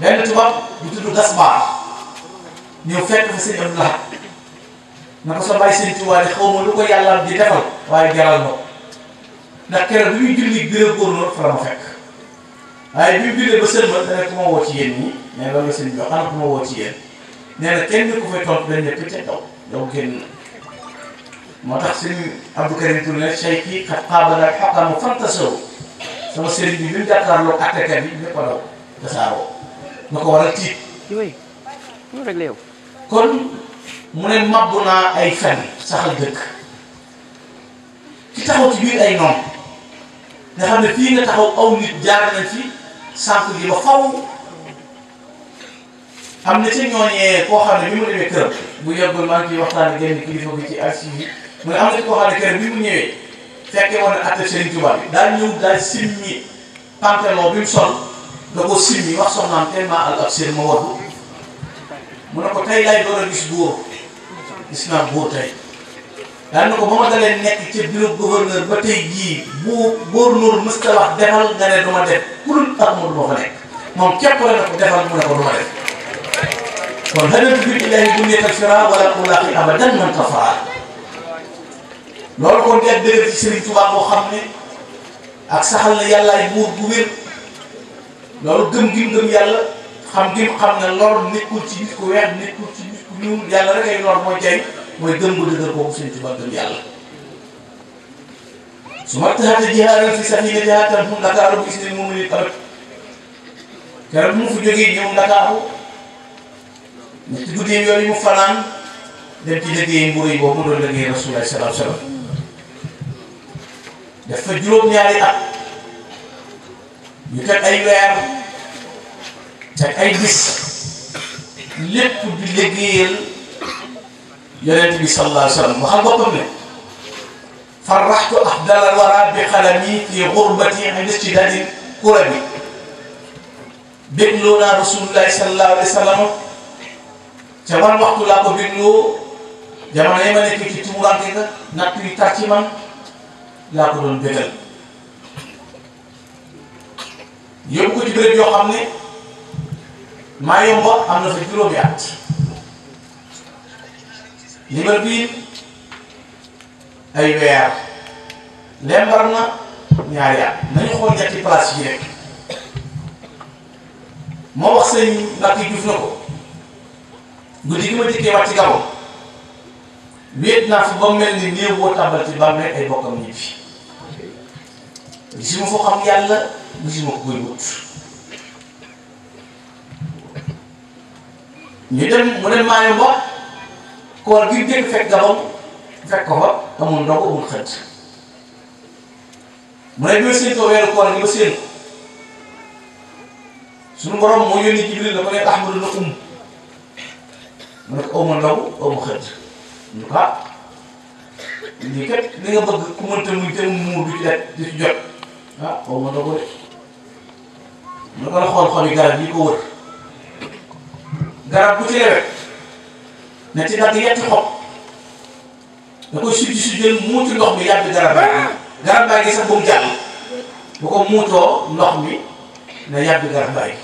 benn tubaab bu tudd Gaspard ñëw fekk fa sëñ Abdou Lahad na ko sa bàyyi sëñ Tuubaa xaw ma lu ko yàlla di defal waaye jaral ma ndax keroog bi muy julli gërëm góor fa la ma fekk waaye bi mu jullee ba sëñ ba dana ko ma woo ci yéen ñi mais loolu la sëñ bi wax xanaa ko ma woo ci yéen. nee na kenn ku fay toog benn ñëpp ca kaw yow génn moo tax sëñ Abdou Karim Touré ne say kii xat xaabala ak xaqamu fantasaw sama sëriñ bi bi mu na ko war a tiit kon mu ne mabbu naa ay fen saxal dëkk ci taxaw ci ay noon nga xam ne fii nga taxaw aw nit jaar nañ ci sànq ji ba faw am na ci ñooñee koo xam ne bi mu demee kër bu yàggul maa ngi ciy waxtaan ak yenn kilifa bi ci archive yi mu ne am na koo xam ne kër bi mu ñëwee fekke woon na atte Serigne Touba bi daal ñëw daal simmi pantalon bi mu sol da ko simmi wax soxnaam tellement al ab seen ma war mu ne ko tey lay door a gis góor gis naa góor tey daan na ko ba ma dalee nekk ca bureau gouverneur ba tey jii bu góor-góor mësta wax defal nga ne du ma def ku dul tax moom képp la ne ko defal mu kon hal nunziru illaa li dunya tafsiraa wala xulaaqi abadan man tafara loolu kon def dëgg ci Serigne Touba boo xam ne ak saxal na yàllaay buur bu wér loolu gëm gim gëm yàlla xam gim xam ne loolu nekkul ci nit ku weex nekkul ci nit ku ñuul yàlla rek ay lool mooy jay mooy gëm bu dëgër boobu Serigne Touba gëm yàlla su ma taxatee jihaadan fi sabiilillaah tan hum Ndakaaru bu isnil mu'miniin keroog mu fi jógee ñëw Ndakaaru ñetti guddee yooyu mu fanaan dem ci liggéey mbuur yi boobu mu doon liggéey Rasulullah sallallahu alayhi wa sallam dafa juróom-ñaari at ñu teg ay weer teg ay bis lépp di liggéeyal yonent bi sallallahu alayhi wa sallam waxal boppam ne farraxtu afdal alwara bi xalami fi xurbati inda istidadi kurabi bégloo naa Rasulullah sallallahu alayhi wa sallam te man waxtu laa ko bindoo jamono yi nekk ci tumuraanke ka natt yi tar man laa ko doon bégal yóbbu ko ci yoo xam ne maa yomba am na fa juróomi at libar bii ay weer lembar na ñaari at nañu xool ñetti place yi rek moo wax sëñ Mbacke Diouf na ko guddi gi ma njëkkee wàcc Gabon wéet naa fi ba mel ni néew boo tàmbal ci bàmmeel ay bokkam ñibbi gisuma foo xam yàlla gisuma ko koy wut ñu dem mu ne maa ngi koor gi dégg fekk Gabon fekk ko fa amul ndox amul xët mu ne bi ma séentoo weeru koor gi ma séen suñu borom moo yónni Jibril la ko ne Ahmadu na um mu ne aw ma ndogu aw ma xëdd ñu ko nga bëgg ku mënta te mu du ci def di ci jot ah aw ma ndogu de mu ne xool xool garab yi ko wër garab bu ci lewet na ci dagg yetti xob da koy sujj sujjal muuti ndox mi yàgg garab bi garab baa ngi sax bu mu jàll bu ko muutoo ndox mi na yàgg garab baa ngi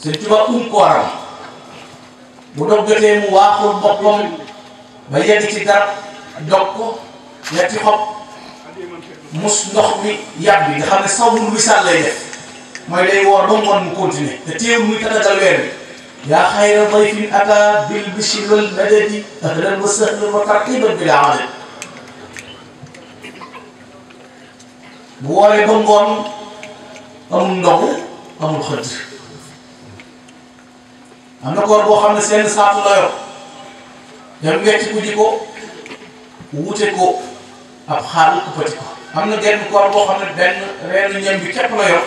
seen tubaab um kooram bu dog mu waaxul boppam ba yegg ci garab dog ko ñetti xob mus ndox mi yàgg bi nga xam ne sawul wisaal lay mooy day woor ba ngoon mu continuer te téew muy tatagal weer bi yaa xayra dayfin ata bil bishri wal madadi ahlan wa sahlan wa tarqiban bil aadad bu wooree ba ngoon amul ndogu amul xëdd am na koor boo xam ne seen saatu la yor dem wecc ku ji ko wute ko ab xaal uppati ko am na genn koor boo xam ne benn reenu ñam bi képp la yor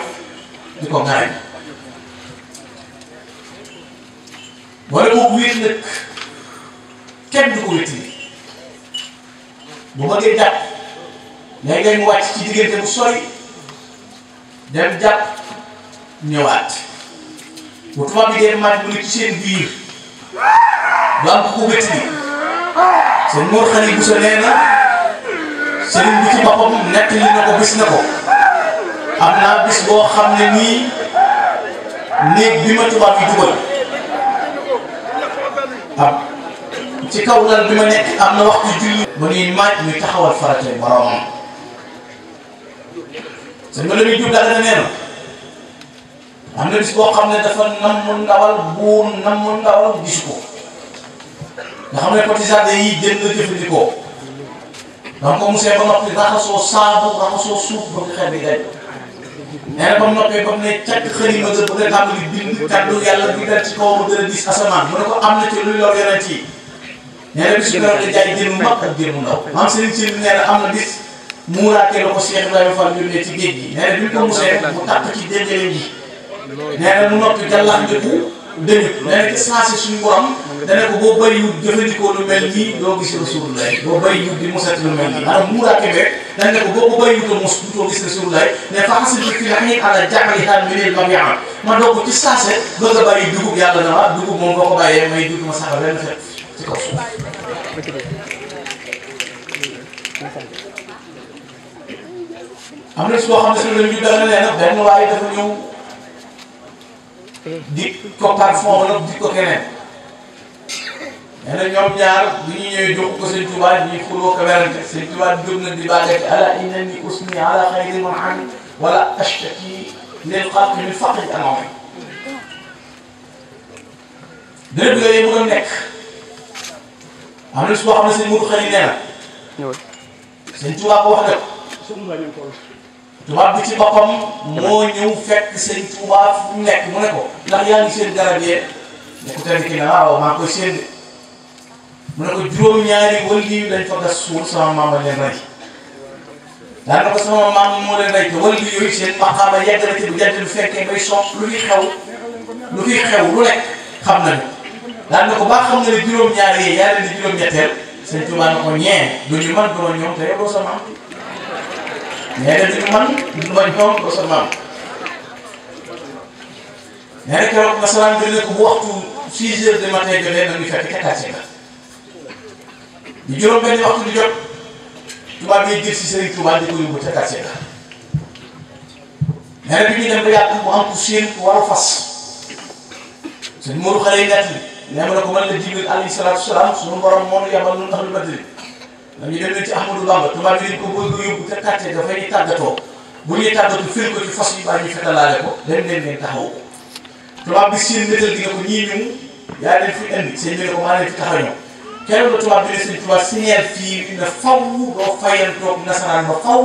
di ko garañ wala boobu wéet nag kenn du ko wétti bu bëggee jàpp léeg-léeg mu wàcc ci diggante bu sori dem jàpp ñëwaat bu tubaab bi dee maaj bu nekk ci seen biir du am ku ko wétti seen Mor Xali Bousso nee na sëriñ bi ci boppam nett li na ko gis na ko am naa bis boo xam ne nii néeg bi ma tubaab bi am ci kaw lal bi ma nekk am na waxtu julli ba nuy maaj muy taxawal farate boromam sëñ ma la muy jub daal na nee am na bis boo xam ne dafa namm ndawal buum namm ndawal gisu ko nga xam ne cotisation yi jënd la jëfandikoo donc comme monsieur ba noppi raxasoo saabu raxasoo suuf ba nga xel bi dañ nee na ba mu noppee ba mu ne càkk xëy ma gën bëgg a tàmbali bind kaddu yàlla bi dal ci kaw ma a gis asamaan mu na ci luy lor na bis ndaw maam Serigne Sy nee am na bis muuraatee la ko Cheikh Ibrahima Fall yónnee ci géej gi nee na bi ko musee mu tàkk ci déjale ji nee na mu noppi jàllandiku dëgg nee na ci saasi suñu borom dana ko boo bëriwul jëfandikoo lu mel nii doo gis Rasulullah boo bëriwul di mosat lu mel nii maanaam muur ak kebe dana ko boo ko bëriwutoon mos doo gis Rasulullah ne fa xasal bi a dugub yàlla na waa dugub moom boo ko bàyyee may na si boo xam ne si lu ñu dana leen benn waaye dafa ñëw. di ko parfum wala keneen nee na ñoom ñaar bu ñu ñëwee jox ko sëñ Tuubaa ñuy xuloo ko werante sëñ Tuubaa jóg na di bàggati innani usni ala xayri manami wala ashtaki lil xalqi min faqri anami béréb yooyu mu doon nekk am su boo xam ne sëñ Mourou Khali ko wax dëgg tubaab bi ci boppam moo ñëw fekk sëñ Tuubaa fu mu nekk mu ne ko ndax yaa ngi seen garab yee ne ko kenn ki ne ah, waaw maa koy seen de mu ne ko juróom-ñaari wëlli yu dañ fa gas sa ma maam a leen rey daanaka sama maam moo leen rey te wëlli yooyu seen maqaama yegg na ci bu jant bu fekkee ngay sox lu fi xew lu fi xew lu nekk na nañu daanaka ko baax xam nga ne juróom-ñaari yee yaa leen di juróom-ñetteel sëñ Tuubaa ne ko ñee du ñu man du ma ñoom nee na li man li ma ñëwoon ba sa maam nee na keroog nasaraan bi ne ko bu waxtu 6 heures du matin jotee na muy fekk kataase la ñu juróom-benn waxtu di jot tubaab yi jël si Serigne Touba di ko yóbbu kataase la nee na bi ñuy dem ba yàgg mu am ku séen ku war a fas sëñ Modou xale yi ñett yi nee na ko man la Jibril alayhi salaatu salaam suñu borom moo ñu yabal lu tax lu bëri. ñu dem leen ci Ahmadou Bamba tubaab bi dañ ko bëgg yóbbu ca quartier dafay tàggatoo bu ñuy tàggatu fil ko ci fas yi baa ñu fetalaale ko dem leen ngeen taxaw ko tubaab bi seen métal gi nga ko ñii ñun yaa leen fi indi seen bi ne ko maa leen fi taxaw ñëw kenn la tubaab bi ne seen tubaab signal fii na faw doo fayal toog nasaraan ba faw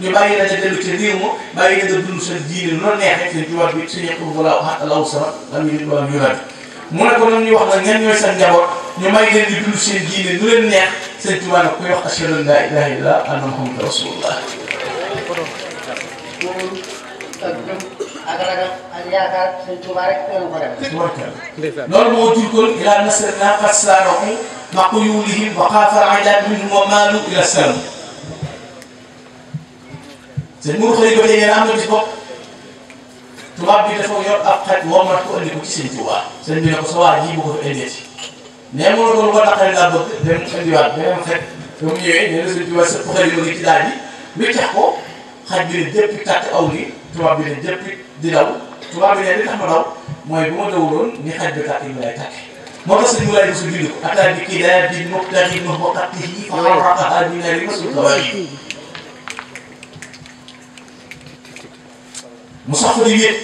ñu bàyyi la nga dellu ca réew ma bàyyi la nga dund sa diine lu la neexee seen tubaab bi suñu yëpp bu la waxaat alaw sama lam yi nit wala ñu mu ne ko nan ñu wax la ñan ñooy seen njaboot ñu may leen di dund seen diine nu leen neex seen Tuubaa nag kuy wax laa ilaaha illallaah anna Muhammadan rasulullah ak ragal ak yaakaar sëñ Tuubaa rek ko def loolu moo jur kon ilaa nasrnaa qad saara'uu ma'a quyuulihim wa xaafa al-i'laab wa maaluu ilaa salaam sëñ Mourou Khoury ba tey yéen am na ci tubaab bi dafa yor ab xaj moom mat ko indi ko ci sëñ Tuubaa sëñ bi ne ko sa waa ji bu ko fi indee ci mais mu ne ko lu ko naqari laa bëgg dem indiwaat beneen xaj ba mu ñëwee nee na sëñ Tuubaa yi ma ngi ci daal di wéccax ko xaj bi ne jëppi tàtt aw ni tubaab yi mu sax fa di wéet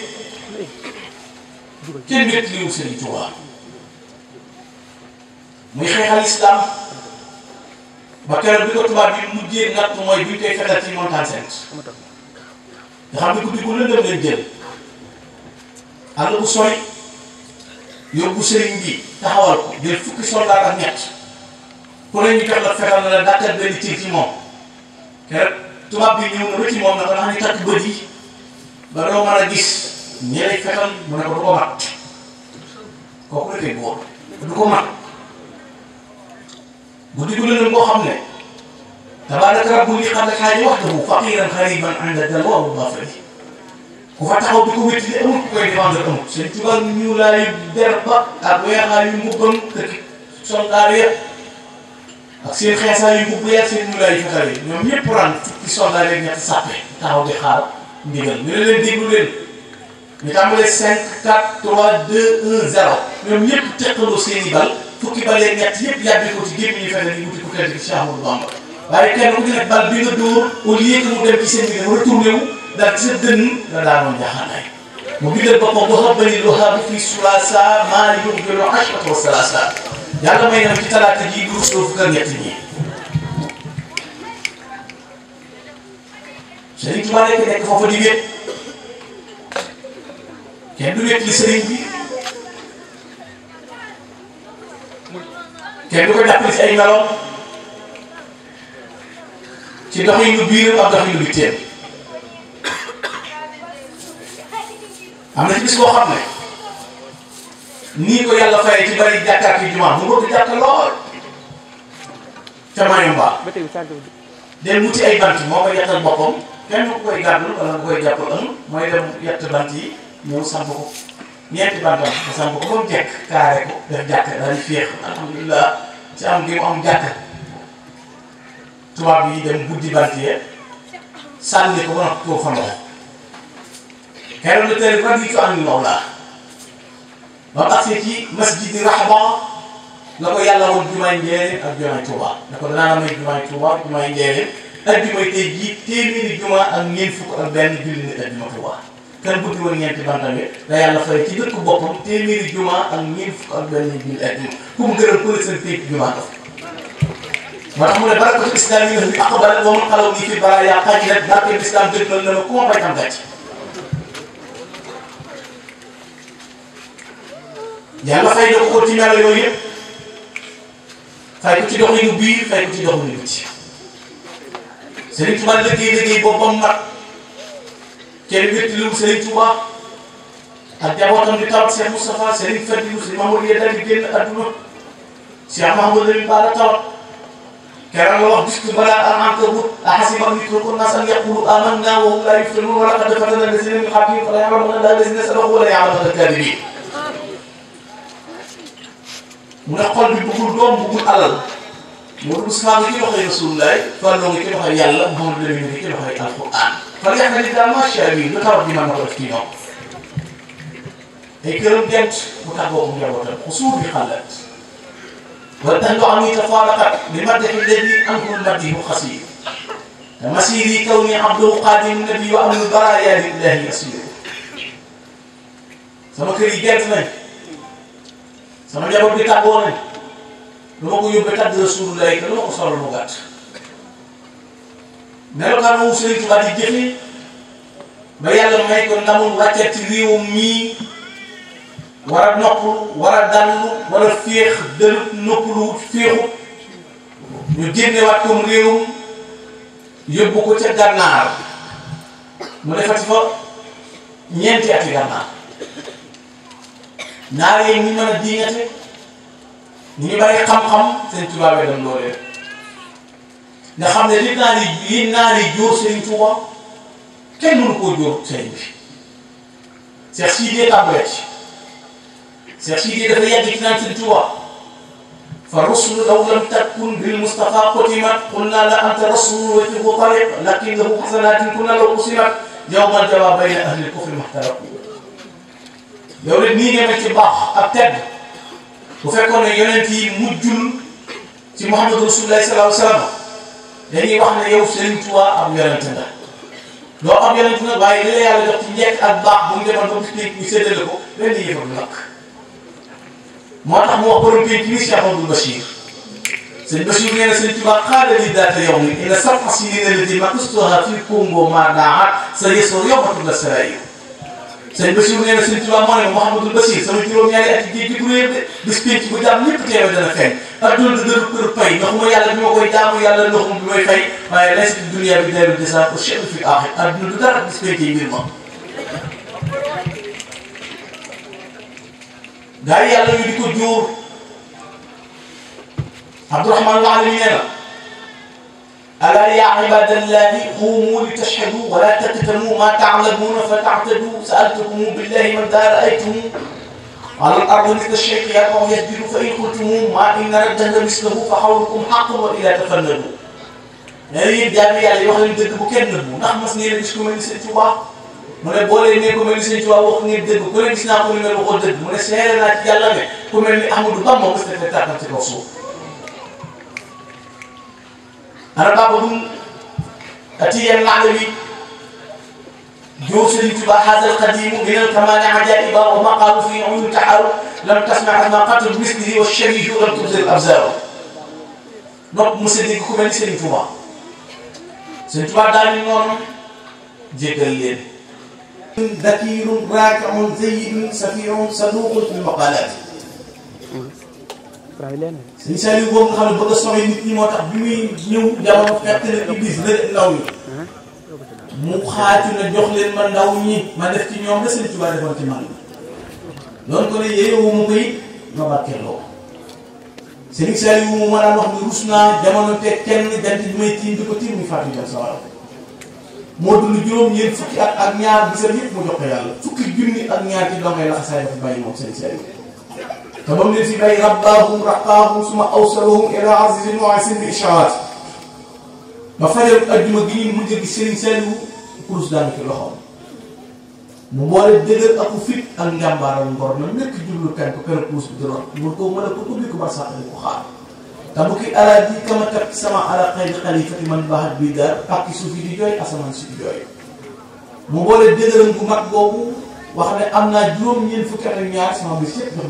kenn wéet liwul Sëriñ Tuubaa muy xeexal islam ba keroog bi ko tubaab bi mujjee natt mooy bi ñu koy fetal ci nga xam ne guddi bu lëndëm lañ jël àll bu sori yóbbu sëriñ bi taxawal ko jël fukki soldat ak ñett ku ne ñu jox la fetal na la dàttal benn ci ci moom keroog tubaab bi ñëw na ba ci moom na ko ndax ñu bët yi bala loo mën a gis ñeneen fetal mu ne ko du ko mat kooku la koy góor du ko mat bu dugg leen boo xam ne tabaaraka rabbu li xam ne xaar yi wax dëgg faqiran xariban ànda dal waaw baafali ku fa taxaw di ko wétti li amul ku koy défendre amul. seen tubaab ñu laay mu gëm kër seen xeesaay yu mu bu yàgg seen ñu laay fetale ñoom ñëpp ran fukki soldaar yeeg ñetti taxaw di xaar. ndigal ñu ne leen déglu leen ñu tàmbalee 5 4 3 2 1 0 ñoom ñëpp teqaloo seen i bal fukki bal yeeg ñett yëpp yàbbi ko ci gémmiñu feneen yi wuti ku tedd ci Cheikh Bamba waaye kenn ku ci bal bi nga dóor au lieu que mu dem ci seen biir retourné wu daal ci sa dënn la daanoon jaxanaay mu bindal boppam ba xabbali lu xaabu fii sulaasa maa ngi yóbbu jëloo ashrat wa salaasa yàlla may na ci talaata jii duur soo fukk ak ñett sëriñ bi ma nekk nekk foofu di wéet kenn du wéet li sëriñ bi kenn du ko jàppale si ay meloom ci doxinu biiram ak doxinu bitteem am na ci bis boo xam ne nii ko yàlla fayee ci bari jàkkaat yi jumaa mu bëgg jàkk lool ca mayam baax dem wuti ay bant moo ko yàttal boppam kenn ku koy gàddul wala ku koy jàppal amul mooy dem yett bant yi ñëw samp ko ñeenti jekk kaare ko def jàkka daal di féex alhamdulilah ci am gi mu am jàkka tubaab yi dem guddi bant yee sànni ko ba noppi tuur fa ndox keroog la tëri fan yi ko am ndox laa ba mu agsee ci masjidi Rahba la ko yàlla woon jumaay Njéeréen ak jumaay Tuuba da ko danaa la jumaay Tuuba jumaay Njéeréen ajjuma tey jii téeméeri juma ak ñeent fukk ak benn julli ni ajjuma Tuubaa kenn bu ci woon ñeenti bantam yi la yàlla fay ci dëkk boppam téeméeri juma ak ñeent fukk ak benn julli ajjuma ku mu gënal ku la seen juma daf moo tax mu ne barakatul islam yi nga xam ne aqbal wa man xalaw ni fi bara yaa xaaj rek barke islam dëggal na ma ku ma bañ am gàcc yàlla fay na ko ci melo yooyu yëpp fay ko ci doxinu biir fay ko ci doxinu Serigne Touba liggéey liggéey boppam mat kenn wéttilul Serigne Touba ak jabootam di tawat Cheikh Moustapha Serigne Fadilou Serigne Mamadou Yedda di génn adduna Cheikh Mahamadou Lamine Bara tawat keroog la wax bistu balaa al ankabut ahasiba an-nasu an yaqulu amanna wa hum la yuftanun wa laqad fatanna allazina min qablihim fala ya'lamanna Allahu allazina sadaqu wa la ya'lamanna al-kadhibin mu ne xol bi bëggul doom bëggul alal moo Ousmane bi ci loxoy Rasulullaay Fallou nga ci loxoy yàlla Mouhamadou Lamine nga ci loxoy alquran fan yàlla ni daal macha allah lu taw bi mën na ko def kii noonu ay këram gent bu tàggoo mu njabootam xusuur bi xalaat wala tax nga xam ni tafaaraqat li ma def léegi am ko mat yi mu xas yi te masir yi kaw ni abdou xaadim nabi wa amul baraaya lillahi asiru sama kër yi gent nañ sama njaboot bi tàggoo nañ lu ma ko yóbbee tàdd Rasulullahi te lu ma ko solal mu gàtt melokaan wu Sëriñ Tuubaa di jëfe ci réewum mii war a noppalu war a dallu war a féex dëlut noppaluwut féexut ñu génnewaat ko réewum yóbbu ko ca gànnaar mu defati fa ñeenti ati gànnaar naar yi ñu mën a diiŋate ñu bari xam-xam seen tubaab yi dem loolee nga xam ne li naari li naari jóor seen tubaab kenn mënu koo jóor seen bi Cheikh Sidé tàmbalee ci Cheikh Sidé dafa yàgg ci naan seen tubaab fa rusul law lam takun bil Mustafa qutimat qulna la anta rasul wa tibu tariq lakin lahu xasanatin kunna law qusimat yawmal jawa bayna ahli kufri muhtaraku yow de nii nga ci baax ak tedd bu fekkoon ne yonent yi mujjul ci Muhammadu Rasulullah sallallahu alayhi wa sallam dañuy wax ne yow Serigne Touba am yonent nga loo am yonent nga waaye li la yàlla jox ci njekk ak baax bu mu defoon ba mu tëj ñu séddale ko benn yëfam lakk moo tax mu wax borom pénc bi Cheikh Abdoul Bachir sëñ Bachir nee na sëñ Touba xaadali daata yow mi ina sarfa si li ne la di makustuha fi Congo ma daaxaat sa yësoo yow matul la sarayu sëñ Basiru nee na sëñ Tuubaa moo ne Mouhamadul Basir sama juróom-ñaari at yi jéeg bu réew de bis pénc bu jàmm ñëpp teewe dana feeñ adduna da dana kër pay ndaxuma yàlla bi ma koy jaamu yàlla ndoxum bi may fay waaye laysa dunya bi daaru jazaa wa shay'un fil aaxir adduna du dara bis pénc yi mbir ma gaa yi yàlla ñu di ko jóor Abdourahmane wax la ñu nee na ألا يا عباد الله قوموا لتشهدوا ولا تكتموا ما تعلمون فتعتدوا سألتكم بالله من دار رأيتم على الأرض مثل الشيخ يقع يسجد فإن قلتموه ما إن رده مثله فحولكم حق وإلى تفندوا léegi yëpp jaam yàlla yoo xam ne dëgg bu kenn nëbbu ndax mas ngeen a gis ku mel ni sëñ Tuubaa mu ne boo leen nee ku mel ni sëñ Tuubaa wax ngeen dëgg ku ne gis naa ko ni mel waxoo dëgg mu ne seere naa ci yàlla ne ku mel ni Amadou Bamba mas na fekk tàkkam ci kaw suuf ربابهم أتي المعنوي يوصل انتباه هذا القديم من الكمال عجائبا وما قالوا في عيون التحارب لم تسمع ما قتل مثله والشبيه لم تبذل الابزار nopp mu sëñ bi ku mel ni Serigne Touba Serigne Touba daal di noonu jéggal leen. dakirun raakiun zayyidun safiun saduqun fi maqaalaati suñ Saliou boobu nga xam ne bëgg a sori nit ñi moo tax bi muy ñëw jamono fekk na iblis la ndaw yi mu xaati na jox leen ma ndaw ñi ma def ci ñoom la seen Tuubaa defoon ma barkeeloo a wax ni rus naa jamono te kenn jant bi may tiim di ko tiim muy fàttali jal sawar moo dund juróom ñeent fukki at ak ñaar bisam yëpp mu jox ko yàlla fukki junni ak ñaar ci dongay laxasaay dafa bàyyi moom sëñ Saliou te ba mu leen fi bàyyi rabbaahum rabbaahum suma awsalahum ila azizil muasin bi isharat ba fajar ajjuma gi ñu mujj gi Serigne Saliou kurus daan ci loxoom mu boole dëgër ak fit ak njàmbaaram ngor na nekk jublu ko kër kurus bi di rot mun ko mën a ko ubbi ko barsàq di ko kama tab sama ala xayri xalifati man baaxat bi daar pàkki suuf yi di jooy asamaan si di jooy mu boole dëgëram gu mag wax ne am naa juróom-ñeent fukki at sama bis yëpp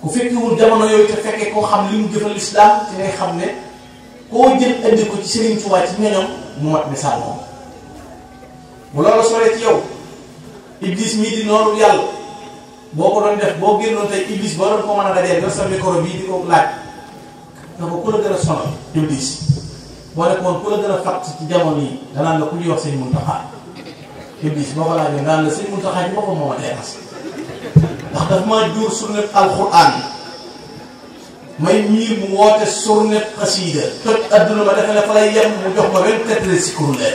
ku fekkewul jamono yooyu te fekkee koo xam li mu jëfal islam ci ngay xam ne koo jël indi ko ci Serigne Touba ci ñoñam mu mat misaal moom bu loolu soree ci yow iblis mii di noonu yàlla boo ko doon def boo génnoon tey iblis boo doon ko mën a dajeel def sa micro bii di ko laaj na ko ku la gën a sonal iblis boo nekk woon ku la gën a fàtt ci jamono yi danaan la ku ñuy wax sëñ Muntaxa iblis boo ko laajee naan la sëñ Muntaxa ñu boppam moo ma teeras ndax dafa maa jur surnet alquran may miir mu woote surnet xasiida toj adduna ma defe ne fa lay yem mu jox ma benn tettale si kuréel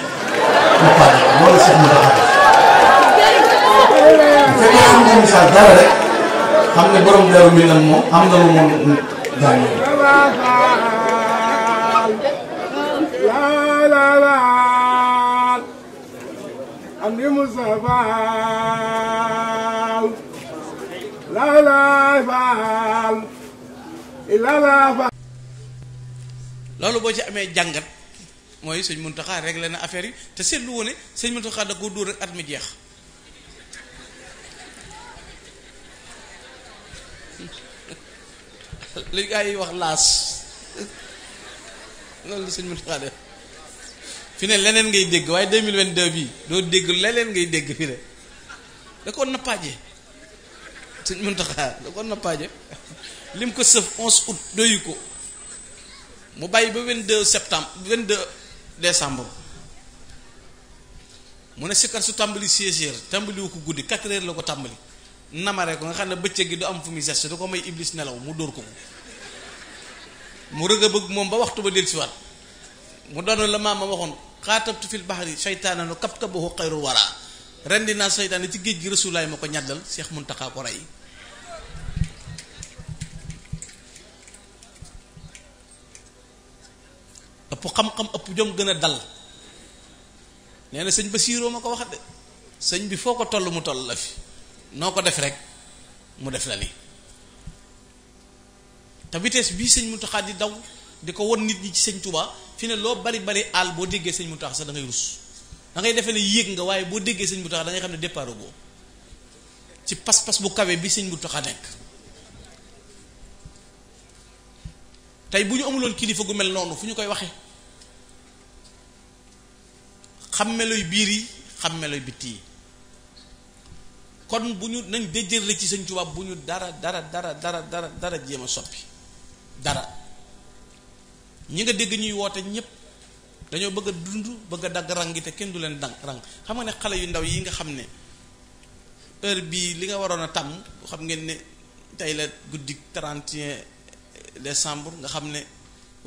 mu pare loolu sax mu dafa bu fekkee am nga misaal dara rek xam ne borom daru mi nag moom am na lu moom gaañoo am ni mu loolu boo ci amee jàngat mooy sëñ Muntaxa réglé na affaire yi te seetlu woon ne sëñ Muntaxa da koo dóor ak at mi jeex li gaa yi wax laas loolu sëñ Muntaxa def fi ne leneen ngay dégg waaye 2022 bi doo dégg leneen ngay dégg fi ne da koo nappaaje sëñ Muntaxa da ko nappaaje lim ko sëf 11 août doyu ko mu bàyyi ba 22 septembre 22 décembre mu ne sikar su tàmbali 16 heures tàmbaliwu ko guddi 4 heures la ko tàmbali namare ko nga xam ne bëccëg gi du am fu muy geste du ko may iblis nelaw mu dóor ko mu rëg a bëgg moom ba waxtu ba del siwaat mu doon la maama waxoon xaatabtu fil baxri seytaana nu kaptabahu xayru wara ren dinaa seytaane ci géej gi rasulaay ma ko ñal ñàddal Seex Muntaxa ko rey ëpp xam-xam ëpp jom gën a dal nee na sëñ Basiiroo ma ko wax de sëñ bi foo ko toll mu toll la fi noo ko def rek mu def la ni te vitesse bii sëñ Muntaxa di daw di ko won nit ñi ci sëñ Touba fi ne loo bari bari àll boo déggee sëñ Muntaxa sax da ngay rus da ngay defee ne yéeg nga waaye boo déggee sëñ bu da ngay xam ne départ boobu ci pas-pas bu kawe bi sëñ bu Muntaxa nekk. tey bu ñu amuloon kilifa gu mel noonu fu ñu koy waxee xam meloy biir yi xam meloy bitti yi kon bu ñu nañ déjjër la ci sëñ Tuubaa bu ñu dara dara dara dara dara dara jéem a soppi dara ñi nga dégg ñuy woote ñépp dañoo bëgg dund bëgg a dagg rang gi te kenn du leen dang rang xam nga ne xale yu ndaw yi nga xam ne heure bii li nga waroon a tàmm xam ngeen ne tey la guddi 31 décembre nga xam ne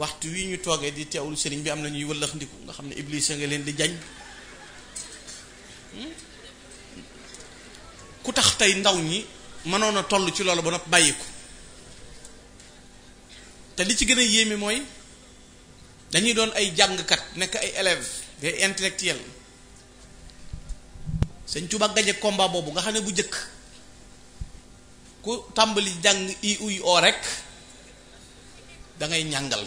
waxtu wi ñu toogee di teewul sëriñ bi am na ñuy wëllëx ndiku nga xam ne iblis nga leen di jañ ku tax tey ndaw ñi mënoon a toll ci loolu ba noppi bàyyi ko te li ci gën a yéeme mooy dañuy doon ay jàngkat nekk ay élèves des intellectuels sëñ Tuubaa gaje combat boobu nga xam ne bu jëkk ku tàmbali jàng i uy oo rek dangay ñàngal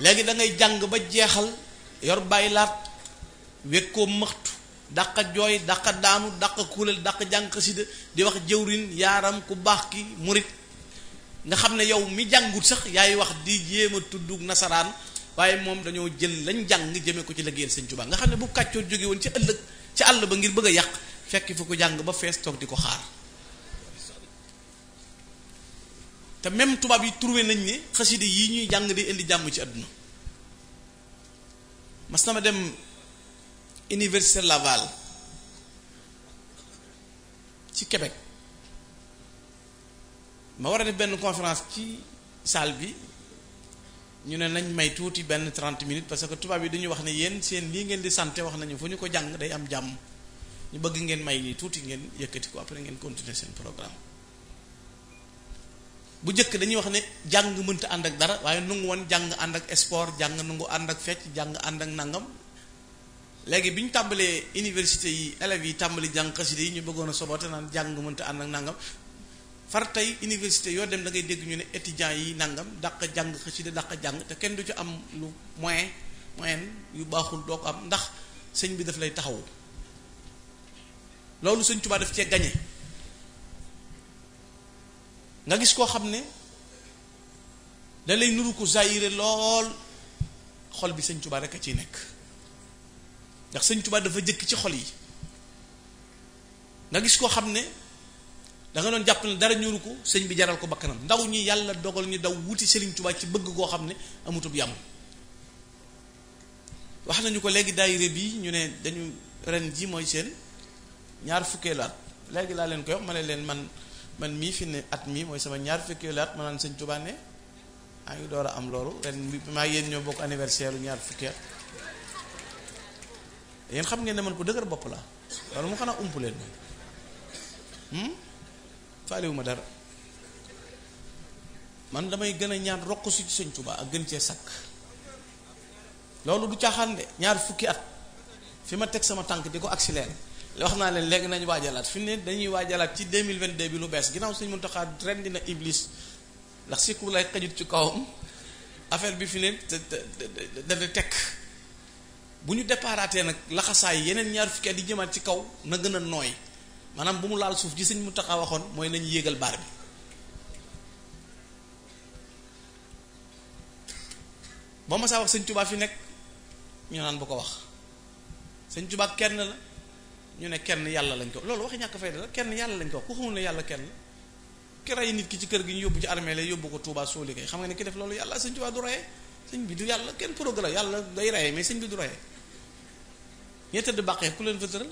léegi dangay jàng ba jeexal yor bàyyi laat wékkoo maxtu daqa jooy daqa daanu daqa kuulal daqa jàng xasida di wax jëwrin yaaram ku baax ki murit nga xam ne yow mi jàngut sax yaay wax di jéem a tuddug nasaraan waaye moom dañoo jël lañ jàng jëmee ko ci liggéeyal Sëñ Tuubaa nga xam ne bu kàccoor jóge woon ci ëllëg ci àll ba ngir bëgg a yàq fekk fu ko jàng ba fees toog di ko xaar te même tubaab yi trouvé nañ ne xasida yi ñuy jàng di indi jàmm ci àdduna mas na dem université Laval ci Québec ma war a def benn conférence ci salle bi ñu ne nañ may tuuti benn trente minutes parce que tubaab yi dañuy wax ne yéen seen lii ngeen di santé wax nañu fu ñu ko jàng day am jàmm ñu bëgg ngeen may nii tuuti ngeen yëkkati ko après ngeen continuer seen programme bu njëkk dañuy wax ne jàng mënta ànd ak dara waaye nu ngu woon jàng ànd ak sport jàng nu ngu ànd ak fecc jàng ànd ak nangam léegi bi ñu tàmbalee université yi élèves yi tàmbali jàng xasida yi ñu bëggoon a soboote naan jàng mënta ànd ak nangam far tey université yoo dem da ngay dégg ñu ne étudiants yi nangam dàq jàng xasida dàq jàng te kenn du ci am lu moyen moyen yu baaxul doo ko am ndax sëñ bi daf lay taxawu loolu sëñ Tuubaa daf cee gañe nga gis koo xam ne da lay nuru ko zaayire lool xol bi sëñ Tuubaa rek a ciy nekk ndax sëñ tubaat dafa jëkk ci xol yi nga gis koo xam ne da doon jàpp ne dara ñuru ko sëñ bi jaral ko bakkanam ndaw ñi yàlla dogal ñu daw wuti sëriñ Tuubaa ci bëgg koo xam ne amutub yàmm wax nañu ko léegi daayira bi ñu ne dañu ren ji mooy seen ñaar fukkeelu at léegi laa leen ko wax ma ne leen man man mii fi ne at mii mooy sama ñaar fukkeelu laat ma naan sëñ Tuubaa ne maa ngi door a am loolu ren bi maa yéen ñoo bokk anniversaire ñaar fukki at yéen xam ngeen ne man ko dëgër bopp la wala mu xanaa ump leen moom faalewu ma dara man damay gën a ñaan rokk si ci sëñ Tuubaa ak gën cee sakk loolu du caaxaan de ñaar fukki at fi ma teg sama tànk di ko accéléré wax naa leen léegi nañu waajalaat fi ne dañuy waajalaat ci 2022 bi lu bees ginnaaw sëñ Muntaxa ren dina iblis ndax sikku lay xajut ci kaw affaire bi fi ne da tek bu ñu déparatee nag laxasaay yeneen ñaar fukki di jëmaat ci kaw na gën a nooy maanaam bu mu laal suuf ji sëñ mu taxaw waxoon mooy nañu yéegal baar bi ba ma wax sëñ Tuubaa fi nekk ñu naan bu ko wax sëñ Tuubaa kenn la ñu ne kenn yàlla lañ ko loolu waxi ñàkk fayda la kenn yàlla lañ ko wax ku xamul ne yàlla kenn ki rey nit ki ci kër gi ñu yóbbu ci armée la yóbbu ko Tuubaa suuli kay xam nga ne ki def loolu yàlla sëñ Tuubaa du reye sëñ bi du yàlla kenn programme yàlla day raye mais sëñ bi du raye ñee tëdd bàqee ku leen fa tëral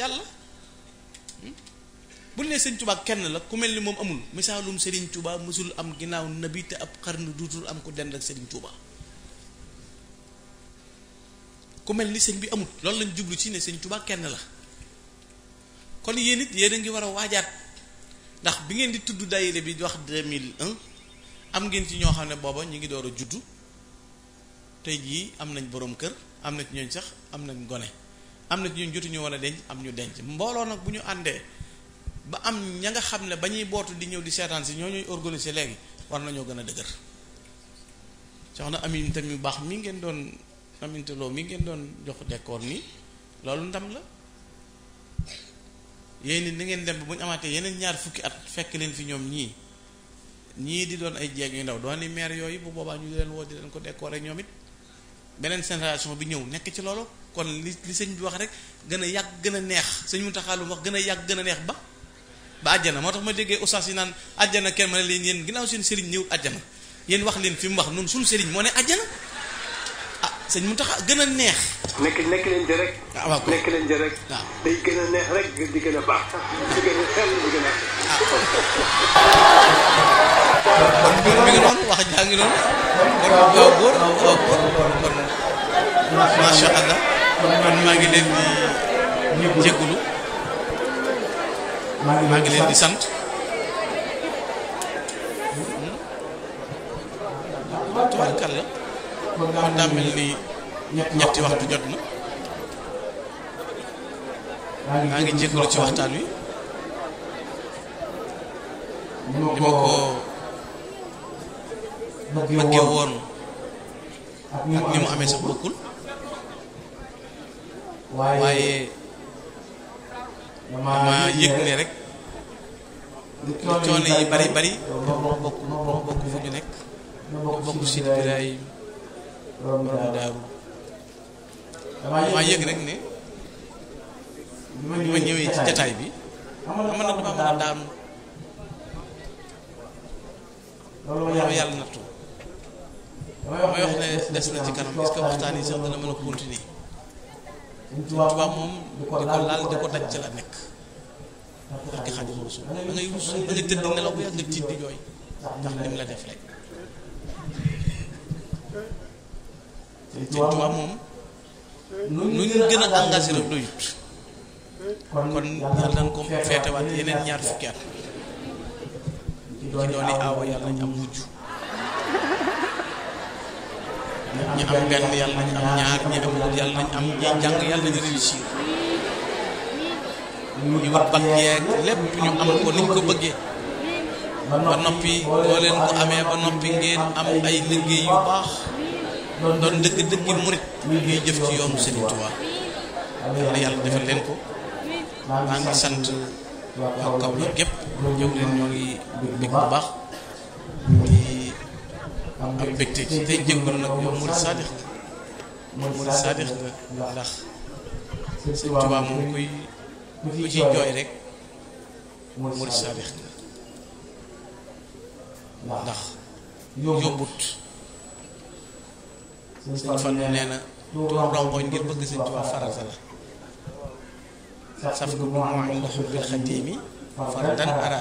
yàlla hmm? bu ne sëñ Tuubaa kenn la ku mel moom amul misaalum sëriñ Tuubaa mësul am ginnaaw nabi te ab xarnu duutul am ku dend ak sëriñ Tuubaa ni sëñ bi amul loolu lañ jublu ci ne sëñ Tuubaa kenn la kon yéen it yéen a ngi war a waajaat ndax bi ngeen di tudd daayira bi wax 2001 am ngeen ci ñoo xam ne booba ñu ngi door a juddu tey jii am nañ boroom kër am na ci ñooñ sax am nañ gone am na ci ñooñ jotuñu war a denc am ñu denc mbooloo nag bu ñu àndee ba am ña nga xam ne ba ñuy bootu di ñëw di seetaan si ñoo ñuy organiser léegi war nañoo gën a dëgër soxna Aminta mi baax mi ngeen doon Aminta Lo mi ngeen doon jox décor nii loolu ndam la yéen it ni ngeen dem ba bu ñu amaatee yeneen ñaar fukki at fekk leen fi ñoom ñii ñii di doon ay jeeg yu ndaw doon ni maire yooyu bu boobaa ñu leen woo di leen ko décorer ñoom it beneen génération bi ñëw nekk ci loolu kon li sëñ bi wax rek gën a yàgg gën a neex sëñ mu lu wax gën a yàgg gën a neex ba ba àjjana moo tax ma déggee oustaz yi naan àjjana kenn ma ne leen yéen ginnaaw seen sëriñ ñëwut àjjana yéen wax leen fi mu wax noonu suñu sëriñ moo ne àjjana ah sëñ mu tax gën a neex. nekk nekk leen jë rek. ah waaw nekk leen jë rek. waaw day gën a neex rek di gën a baax di a sell di gën macha maa ngi leen di jégalu maa ngi leen di sant hmm? tubaarkàlla kon daa mel ni ñetti waxtu jot na maa ngi jégalu ci waxtaan wi li ma ko bëggee woon ak ni mu amee sax bokkul waaye dama yëg ne rek li coono yi bari bari noo bokk noo bokk fu ñu nekk noo bokk Sidi Birahim borom daaru dama yëg rek ne bi ma ñëwee ci jataay bi aman na dama mën a daanu loolu yàlla nattu damay wax ne des na ci kanam est-ce que waxtaan yi sax dana mën a continuer Tuubaa moom di ko laal di ko daj ci la nekk barke Xaadimu Rasuul da ngay rus da ngay tëdd nelaw bu yàgg nga tiit di jooy ndax ni la def rek Sëñ Tuubaa moom nu ñu gën a engagé rek kon yàlla nañ ko feetewaat yeneen ñaar fukki at ci doon yi aawa yàlla nañ am mujj ñi am benn yàlla nañ am ñaar ñi amul yàlla nañ am ñi jàng yàlla nañ réussir ñu wax bac lépp ñu am ko niñ ko bëggee ba noppi ngeen am ay liggéey yu baax doon dëgg dëgg murit ñuy jëf ci yoonu Sëriñ Tuubaa yàlla defal leen ko maa ngi sant waa kaw la gépp ñëw leen ñoo ngi bég bu baax am mbégte ci tey jéggal nag yow murid saadix nga murid saadix nga ndax sëñ Tuubaa moom kuy ku ciy jooy rek murid saadix nga ndax yóbbut sëñ Fallu nee na rongoñ ngir bëgg sëñ Tuubaa farata la saf ko bu mu ànd xubbil xatiimi faratan ara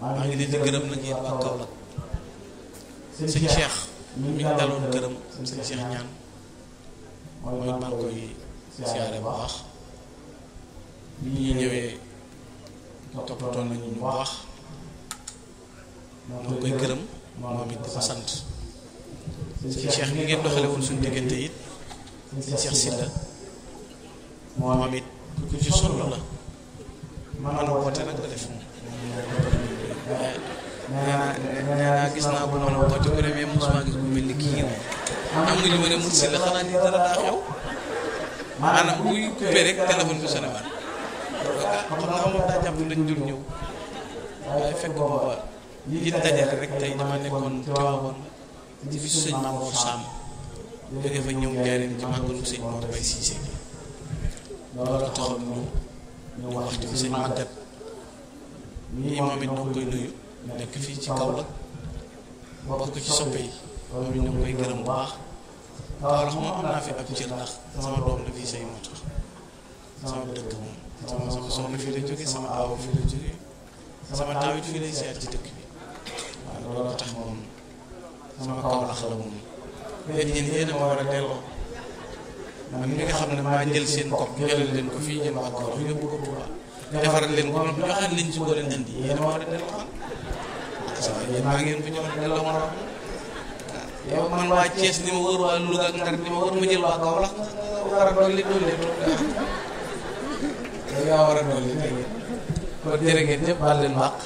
maa ngi leen di gërëm nag yéen waa Kaolack sëñ Cheikh mi ñu daloon këram sëñ Cheikh ñaan mooy maa koy siyaare bu baax bi ñu ñëwee toppatoon nañu ñu baax maa ngi koy gërëm moom it dafa sant sëñ Cheikh mi ngeen doxale woon suñu diggante it sëñ Cheikh Sylla moom it ku ci la man a woote nag la def moom nee naa nee naa gis naa bu mën a woote ko demee mosuma gis bu ni kii moom am nga ñu ma ne mu si xanaa ni dara daa xew maanaam buy coupé rek téléphone bi sonné waat ah xam naa fa ñëw njaareem ci màggalu sëñ Mor Mbaye Cissé loolu taxoon ñu ñu moom it ñoo koy nuyu. nekk fii ci Kaolack bokk ci soppe yi moom ñu ngi koy gërëm bu baax Kaolack moom am naa fi ab cër ndax sama doom la fii say la jógee sama aaw fii la jógee ma war a delloo xam ne maa jël seen kopp jëlal leen ko fii yéen waa Kaolack yóbbu ko Tuuba defaral leen ko noonu joxaat leen ci ko leen indi yéen a ma war a delloo sama ñun maa ngi yéen bu ñëw ne la ma raw yow man waa Thiès ni ma wër waa Louga ak Ndar ni ma wër ma jël waa Kaolack nga war a dolli dolli da ngaa war a dolli dégg nga kon jërë ngeen ñëpp baal leen bàq.